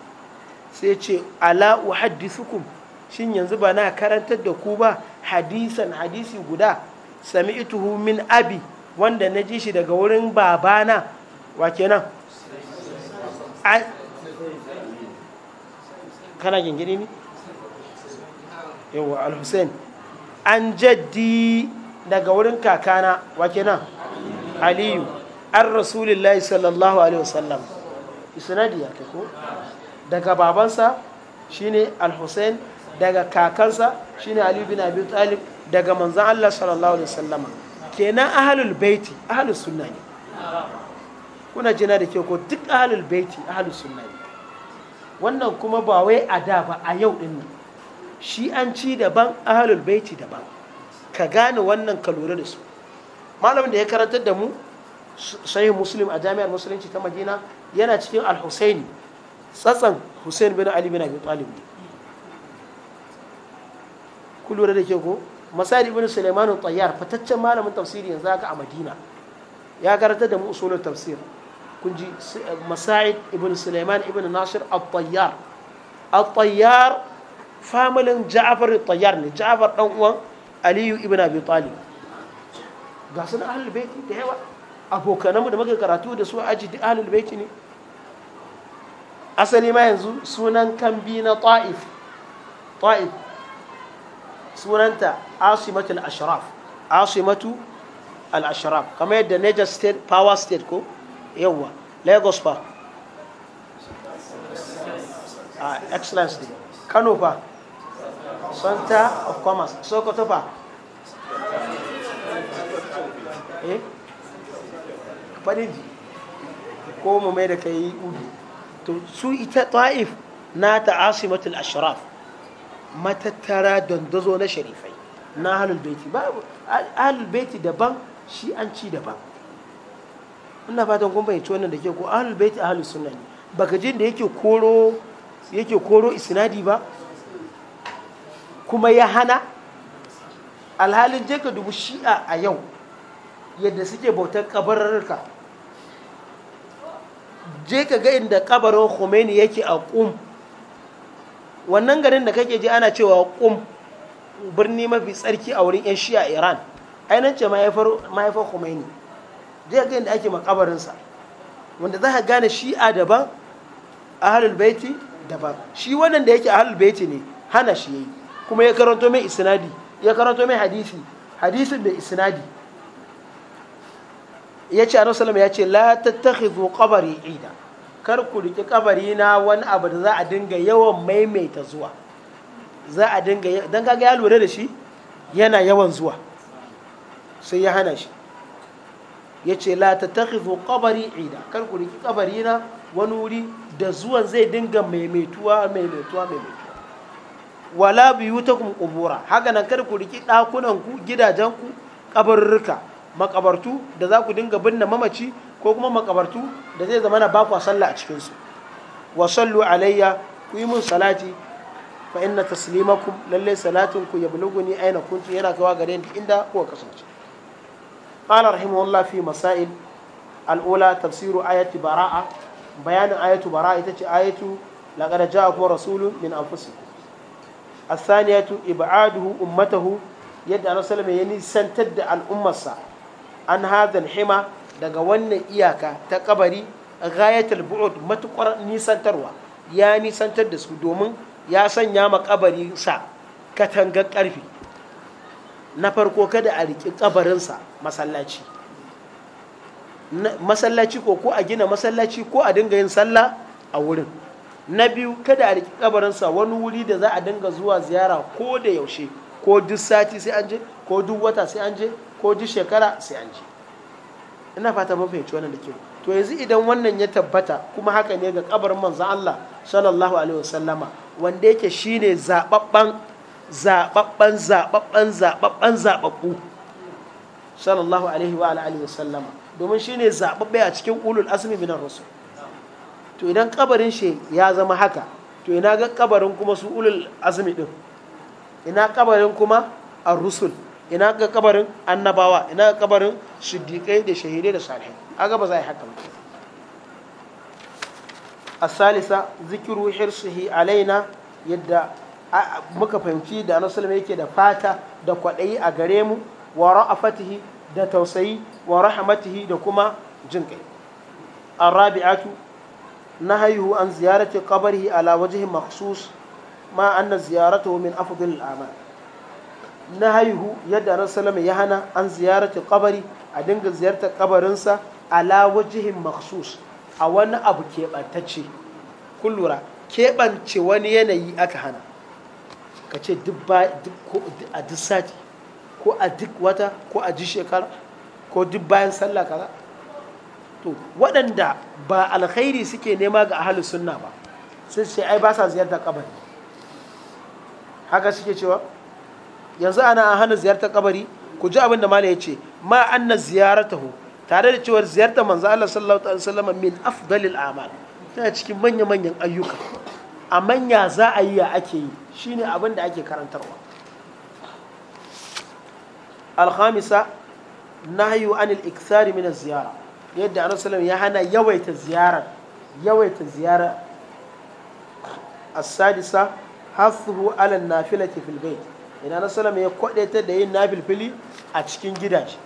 sai ce ala uhaddithukum shin yanzu ba na karantar da ku ba hadisan hadisi guda sami'tuhu min abi wanda na ji shi daga wurin babana wake nan kana gingiri ne yawon al-hussein an jaddi daga wurin kakana wa nan aliyu an rasulillahi sallallahu alaihi wasallam isnadi ya kai ko daga babansa shine al-Husain daga kakansa shine Ali bin Abi Talib daga manzon Allah sallallahu alaihi wasallama kenan ahlul baiti ahlus sunna ne kuna jina da ke ko duk ahlul baiti ahlus sunna ne wannan kuma ba wai a da ba a yau din nan shi an ci daban ahlul baiti daban ka gane wannan ka lura da su malamin da ya karantar da mu sai muslim a jami'ar musulunci ta madina yana cikin al-husaini tsatsan hussein bin ali bin abi talib ne ku da ke ko masari bin suleiman tayyar fataccen malamin tafsiri yanzu haka a madina ya karanta da mu usulul tafsir kun ji masa'id ibn suleiman ibn nasir at-tayyar at-tayyar familin ja'far at-tayyar ne ja'far dan uwan aliyu ibn abi talib ga sunan ahlul da yawa abokananmu da muka karatu da su aji da ahlul baiti ne asali ma yanzu sunan kambi na ta'if ta'if sunanta asimatu al-ashraf asimatu al-ashraf kamar yadda Niger state power state ko yawwa. lagos fa a ah, excellence kano fa center of commerce sokoto fa eh fariji ko mu mai da kai udu to su ita ta'if na ta asimatul ashraf matattara dandazo na sharifai na halul baiti babu halul baiti daban shi an ci daban ina fatan kun fahimci wannan da ke ko halul baiti halul sunna ne baka jin da yake koro yake koro isnadi ba kuma ya hana alhalin je ka dubu shi'a a yau yadda suke bautar kabararka je ka ga inda kabarin khomeini yake a ƙum wannan garin da kake ji ana cewa ƙum birni mafi tsarki a wurin 'yan shiya iran ainihin ce mahaifar khomeini je ka ga inda ake makabarinsa wanda za ka gane shi'a daban a ahalul baiti daban shi wannan da yake a ahalul baiti ne hana shi yayi kuma ya karanto mai isnadi ya karanto mai hadisi hadisin da isnadi ya ce annabi sallallahu ya ce la tattakhidhu qabari ida kar ku riki kabari na wani abu da za a dinga yawan maimaita zuwa za a dinga dan kaga ya lura da shi yana yawan zuwa sai ya hana shi ya ce la tattakhidhu qabari ida kar ku riki kabari na wani wuri da zuwan zai dinga maimaituwa maimaituwa maimaituwa wala biyutakum qubura haka nan kar ku riki dakunan ku gidajen ku kabarruka makabartu da za ku dinga binne mamaci ko kuma makabartu da zai zama na ba sallah a cikinsu wa sallu alayya ku yi mun salati fa inna taslimakum lalle salatin ku ya buluguni aina kuntu yana kawa gare ni inda kuka kasance qala rahimahullah fi masail al-ula tafsiru ayati bara'a bayanin ayatu bara'a ita ce ayatu laqad ja'akum rasulun min anfusikum الثانية إبعاده أمته yadda annabi sallallahu ya nisantar da al'ummarsa an hadal hima daga wannan iyaka ta kabari ghayatul bu'ud matukar nisantarwa ya nisantar da su domin ya sanya ma kabari sa katangar karfi na farko kada a riki kabarinsa masallaci masallaci ko ko a gina masallaci ko a dinga yin sallah a wurin na biyu kada a riki kabarinsa wani wuri da za a dinga zuwa ziyara ko da yaushe ko duk sati sai an je ko duk wata sai an je ko ji shekara sai an je ina fata mun fahimci wannan da kyau to yanzu idan wannan ya tabbata kuma haka ne ga kabarin manzo Allah sallallahu alaihi wasallama wanda yake shine zababban zababban zababban zababban zababbu sallallahu alaihi wa alihi wasallama domin shine zababbe a cikin ulul azmi minar rusul to idan kabarin shi ya zama haka to ina ga kabarin kuma su ulul azmi din ina kabarin kuma ar-rusul ina ga kabarin annabawa ina ga kabarin siddiƙai da shahidai da salihai aga ba za a yi haka mutum asalisa zikiru hirsihi alaina yadda muka fahimci da annabi sallallahu yake da fata da kwaɗayi a gare mu wa ra'afatihi da tausayi wa rahmatihi da kuma jin jinkai arabi'atu nahayuhu an ziyarati qabrihi ala wajhi makhsus ma anna ziyaratuhu min afdal al-a'mal na haihu yadda nan salama ya hana an ziyarata kabari a dinga ziyartar kabarinsa ala wajihin maksus a wani abu keɓantacce kun lura keɓance wani yanayi aka hana ka ce duk a duk ko a duk wata ko a duk shekara ko duk bayan sallah kaza to waɗanda ba alkhairi suke nema ga ahalus sunna ba sai sai ai ba sa ziyartar kabari haka suke cewa yanzu ana an hana ziyartar kabari ku ji abin da malam ya ce ma anna ziyaratahu tare da cewar ziyartar manzo Allah sallallahu alaihi wasallam min afdalil a'mal tana cikin manya manyan ayyuka a manya za a yi ya ake yi shine abin da ake karantarwa alhamisa nahyu anil ikthari min ziyara yadda annabi sallallahu ya hana yawaita ziyara yawaita ziyara as-sadisa hasbu ala nafilati fil ina na salama ya kwaɗaita da yin nafilfili a cikin gidaje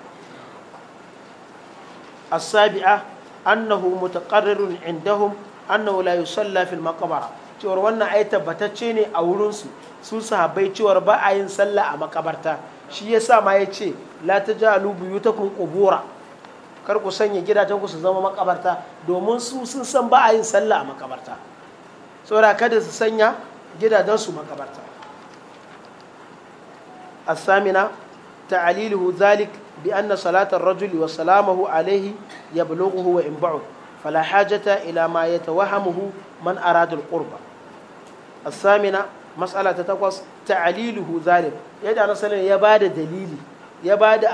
asabi'a annahu mutaqarrirun indahum annahu la yusalla fil maqbara cewar wannan ai tabbatacce ne a wurinsu su sahabbai cewar ba a yin sallah a makabarta shi yasa ma ya ce la tajalu buyutakum qubura kar ku sanya ku su zama makabarta domin su sun san ba a yin sallah a makabarta saboda kada su sanya gidajensu makabarta الثامنة تعليله ذلك بأن صلاة الرجل وسلامه عليه يبلغه وينبعه فلا حاجة إلى ما يتوهمه من أراد القربة الثامنة مسألة تتقص تعليله ذلك يدعى نصلا يباد دليلي يباد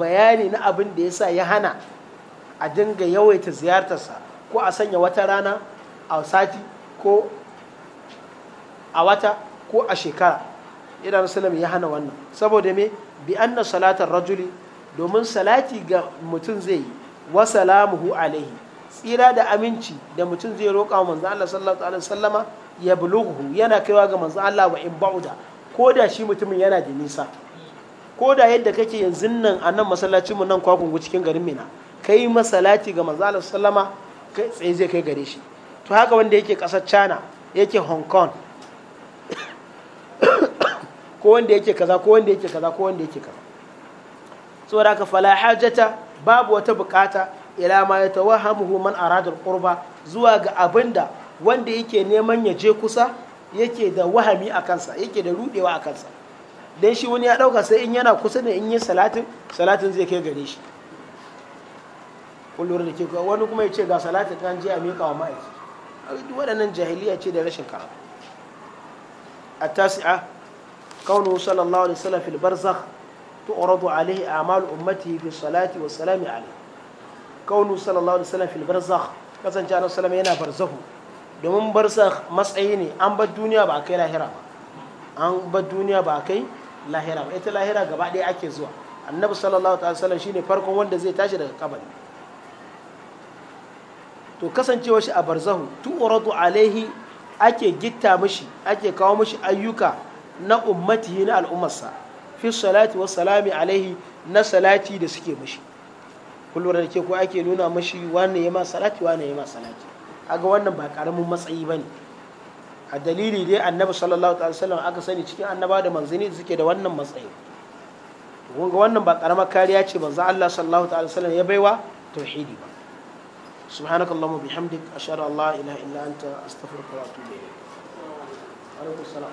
بياني نأبن ديسا يهنا أدنغ يوي تزيارتسا كو أسنى وترانا أو ساتي كو أوتا كو أشكرا idan salam ya hana wannan saboda me bi anna salatar rajuli domin salati ga mutum zai yi wa salamuhu alaihi tsira da aminci da mutum zai roƙa wa manzo Allah sallallahu alaihi wasallama ya bulughu yana kaiwa ga manzo Allah wa in ba'uda ko da shi mutumin yana da nisa ko da yadda kake yanzu nan a nan masallacin mu nan gu cikin garin Mina kai masalati ga manzo Allah sallama kai tsaye zai kai gare shi to haka wanda yake kasar China yake Hong Kong ko wanda yake kaza ko wanda yake kaza ko wanda yake kaza saboda haka fala hajata babu wata bukata ila ma tawahamu man arada alqurba zuwa ga abinda wanda yake neman ya je kusa yake da wahami a kansa yake da rudewa a kansa dan shi wani ya dauka sai in yana kusa da in yi salatin salatin zai kai gare shi kullu da ke wani kuma ya ce ga salatin kan je a miƙa wa ma'aiki waɗannan jahiliya ce da rashin karatu a tasi'a قوله صلى الله عليه وسلم في البرزخ تعرض عليه أعمال أمته في الصلاة والسلام عليه قوله صلى الله عليه وسلم في البرزخ كسان جاء صلى الله عليه برزخ domin barzakh matsayi ne an bar duniya ba kai lahira ba an bar duniya ba kai lahira ba ita lahira gaba ɗaya ake zuwa annabi sallallahu alaihi farkon wanda zai tashi daga kabari to kasancewa shi a barzahu tu'radu alaihi ake gitta mishi ake kawo mishi ayyuka na ummatihi na al'ummarsa fi salati wa salami alaihi na salati da suke mishi kullum da ke ko ake nuna mishi wannan ya ma salati wannan ya ma salati aga wannan ba karamin matsayi bane a dalili dai annabi sallallahu alaihi wasallam aka sani cikin annaba da manzanni suke da wannan matsayi kun ga wannan ba karamar kariya ce manzo Allah sallallahu alaihi wasallam ya baiwa tauhidi ba subhanakallahumma bihamdik ashhadu an la ilaha illa anta astaghfiruka wa atubu ilayk alaikum salam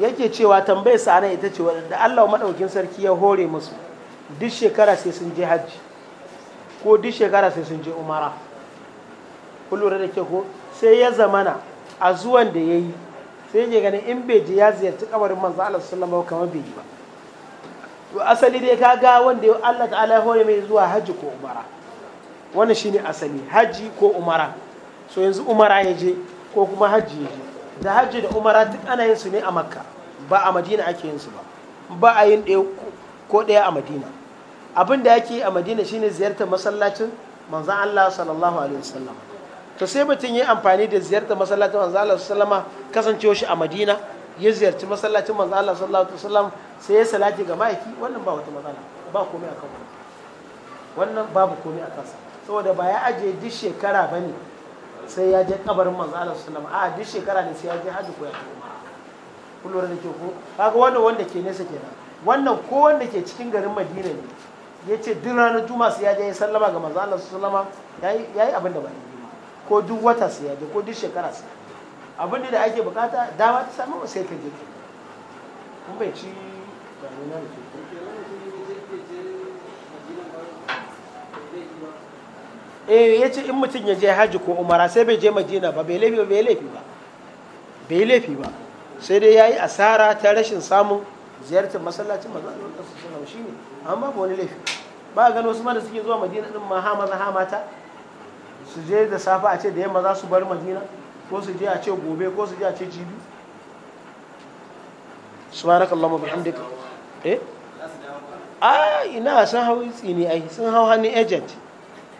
yake cewa tambayar sa nan ita ce waɗanda Allah maɗaukin sarki ya hore musu duk shekara sai sun je hajji ko duk shekara sai sun je umara kun lura da ke ko sai ya zamana a zuwan da ya yi sai ya ganin in bai je ya ziyarci kabarin manzo Allah sallallahu alaihi kamar bai yi ba to asali dai ka ga wanda Allah ta'ala ya hore mai zuwa hajji ko umara wannan shine asali hajji ko umara so yanzu umara ya je ko kuma hajji ya je da hajji da umara duk ana yin su ne a makka ba a madina ake yin su ba ba a yin ɗaya ko ɗaya a madina abin da yake a madina shine ziyartar masallacin manzan allah sallallahu alaihi wasallam to sai mutum ya amfani da ziyartar masallacin manzan allah wasallam kasancewa shi a madina ya ziyarci masallacin manzan allah sallallahu alaihi wasallam sai ya salati ga ma'aiki wannan ba wata matsala ba komai a wannan wannan babu komai a kansa saboda ba ya ajiye duk shekara ba ne sai ya je kabarin manzo Allah sallallahu alaihi a duk shekara ne sai ya je hajji ko ya je umara kun lura da ke ko kaga wannan wanda ke nesa kenan wannan ko wanda ke cikin garin Madina ne yace duk ranar juma'a sai ya je sallama ga manzo Allah sallallahu alaihi yayi abin da ba ko duk wata sai ya je ko duk shekara sai abin da ake bukata dama ta samu sai ka je kun bai ci ba ne na da eh ya ce in mutum ya je Haji ko umara sai bai je madina ba bai laifi ba bai laifi ba bai laifi ba sai dai ya yi asara ta rashin samun ziyartar masallacin maza a lokacin su suna shi ne amma ba wani laifi ba a gano wasu ma da suke zuwa madina din ma ha maza ha mata su je da safa a ce da yamma za su bar madina ko su je a ce gobe ko su je a ce jibi allahumma bihamdika eh a ah, ina san hau tsini ai sun hau hannun agent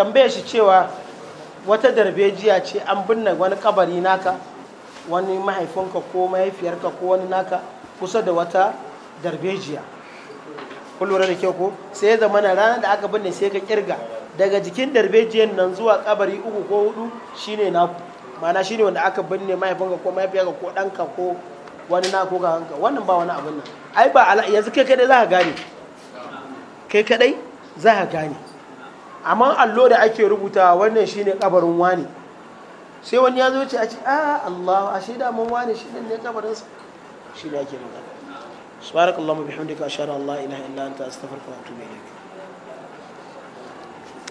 tambaya shi cewa wata darbejiya ce an binne wani kabari naka wani mahaifinka ko mahaifiyarka ko wani naka kusa da wata darbejiya kulura lura da kyau ko sai zama na rana da aka binne sai ka kirga daga jikin darbejiyan nan zuwa kabari uku ko hudu shine naku ma'ana shine wanda aka binne mahaifinka ko mahaifiyarka ko ɗanka ko wani na ko ga hanka wannan ba wani abin nan ai ba yanzu kai kadai za ka gane kai kadai za ka gane amma allo da ake rubuta wannan shi ne kabarin wani sai wani ya zoce a ce a ah, Allah a shi damar wani shi ne kabarin sa shi ne ake rubuta su subhanakallahumma bihamdika ashhadu an la ilaha illa anta astaghfiruka wa atubu ilaik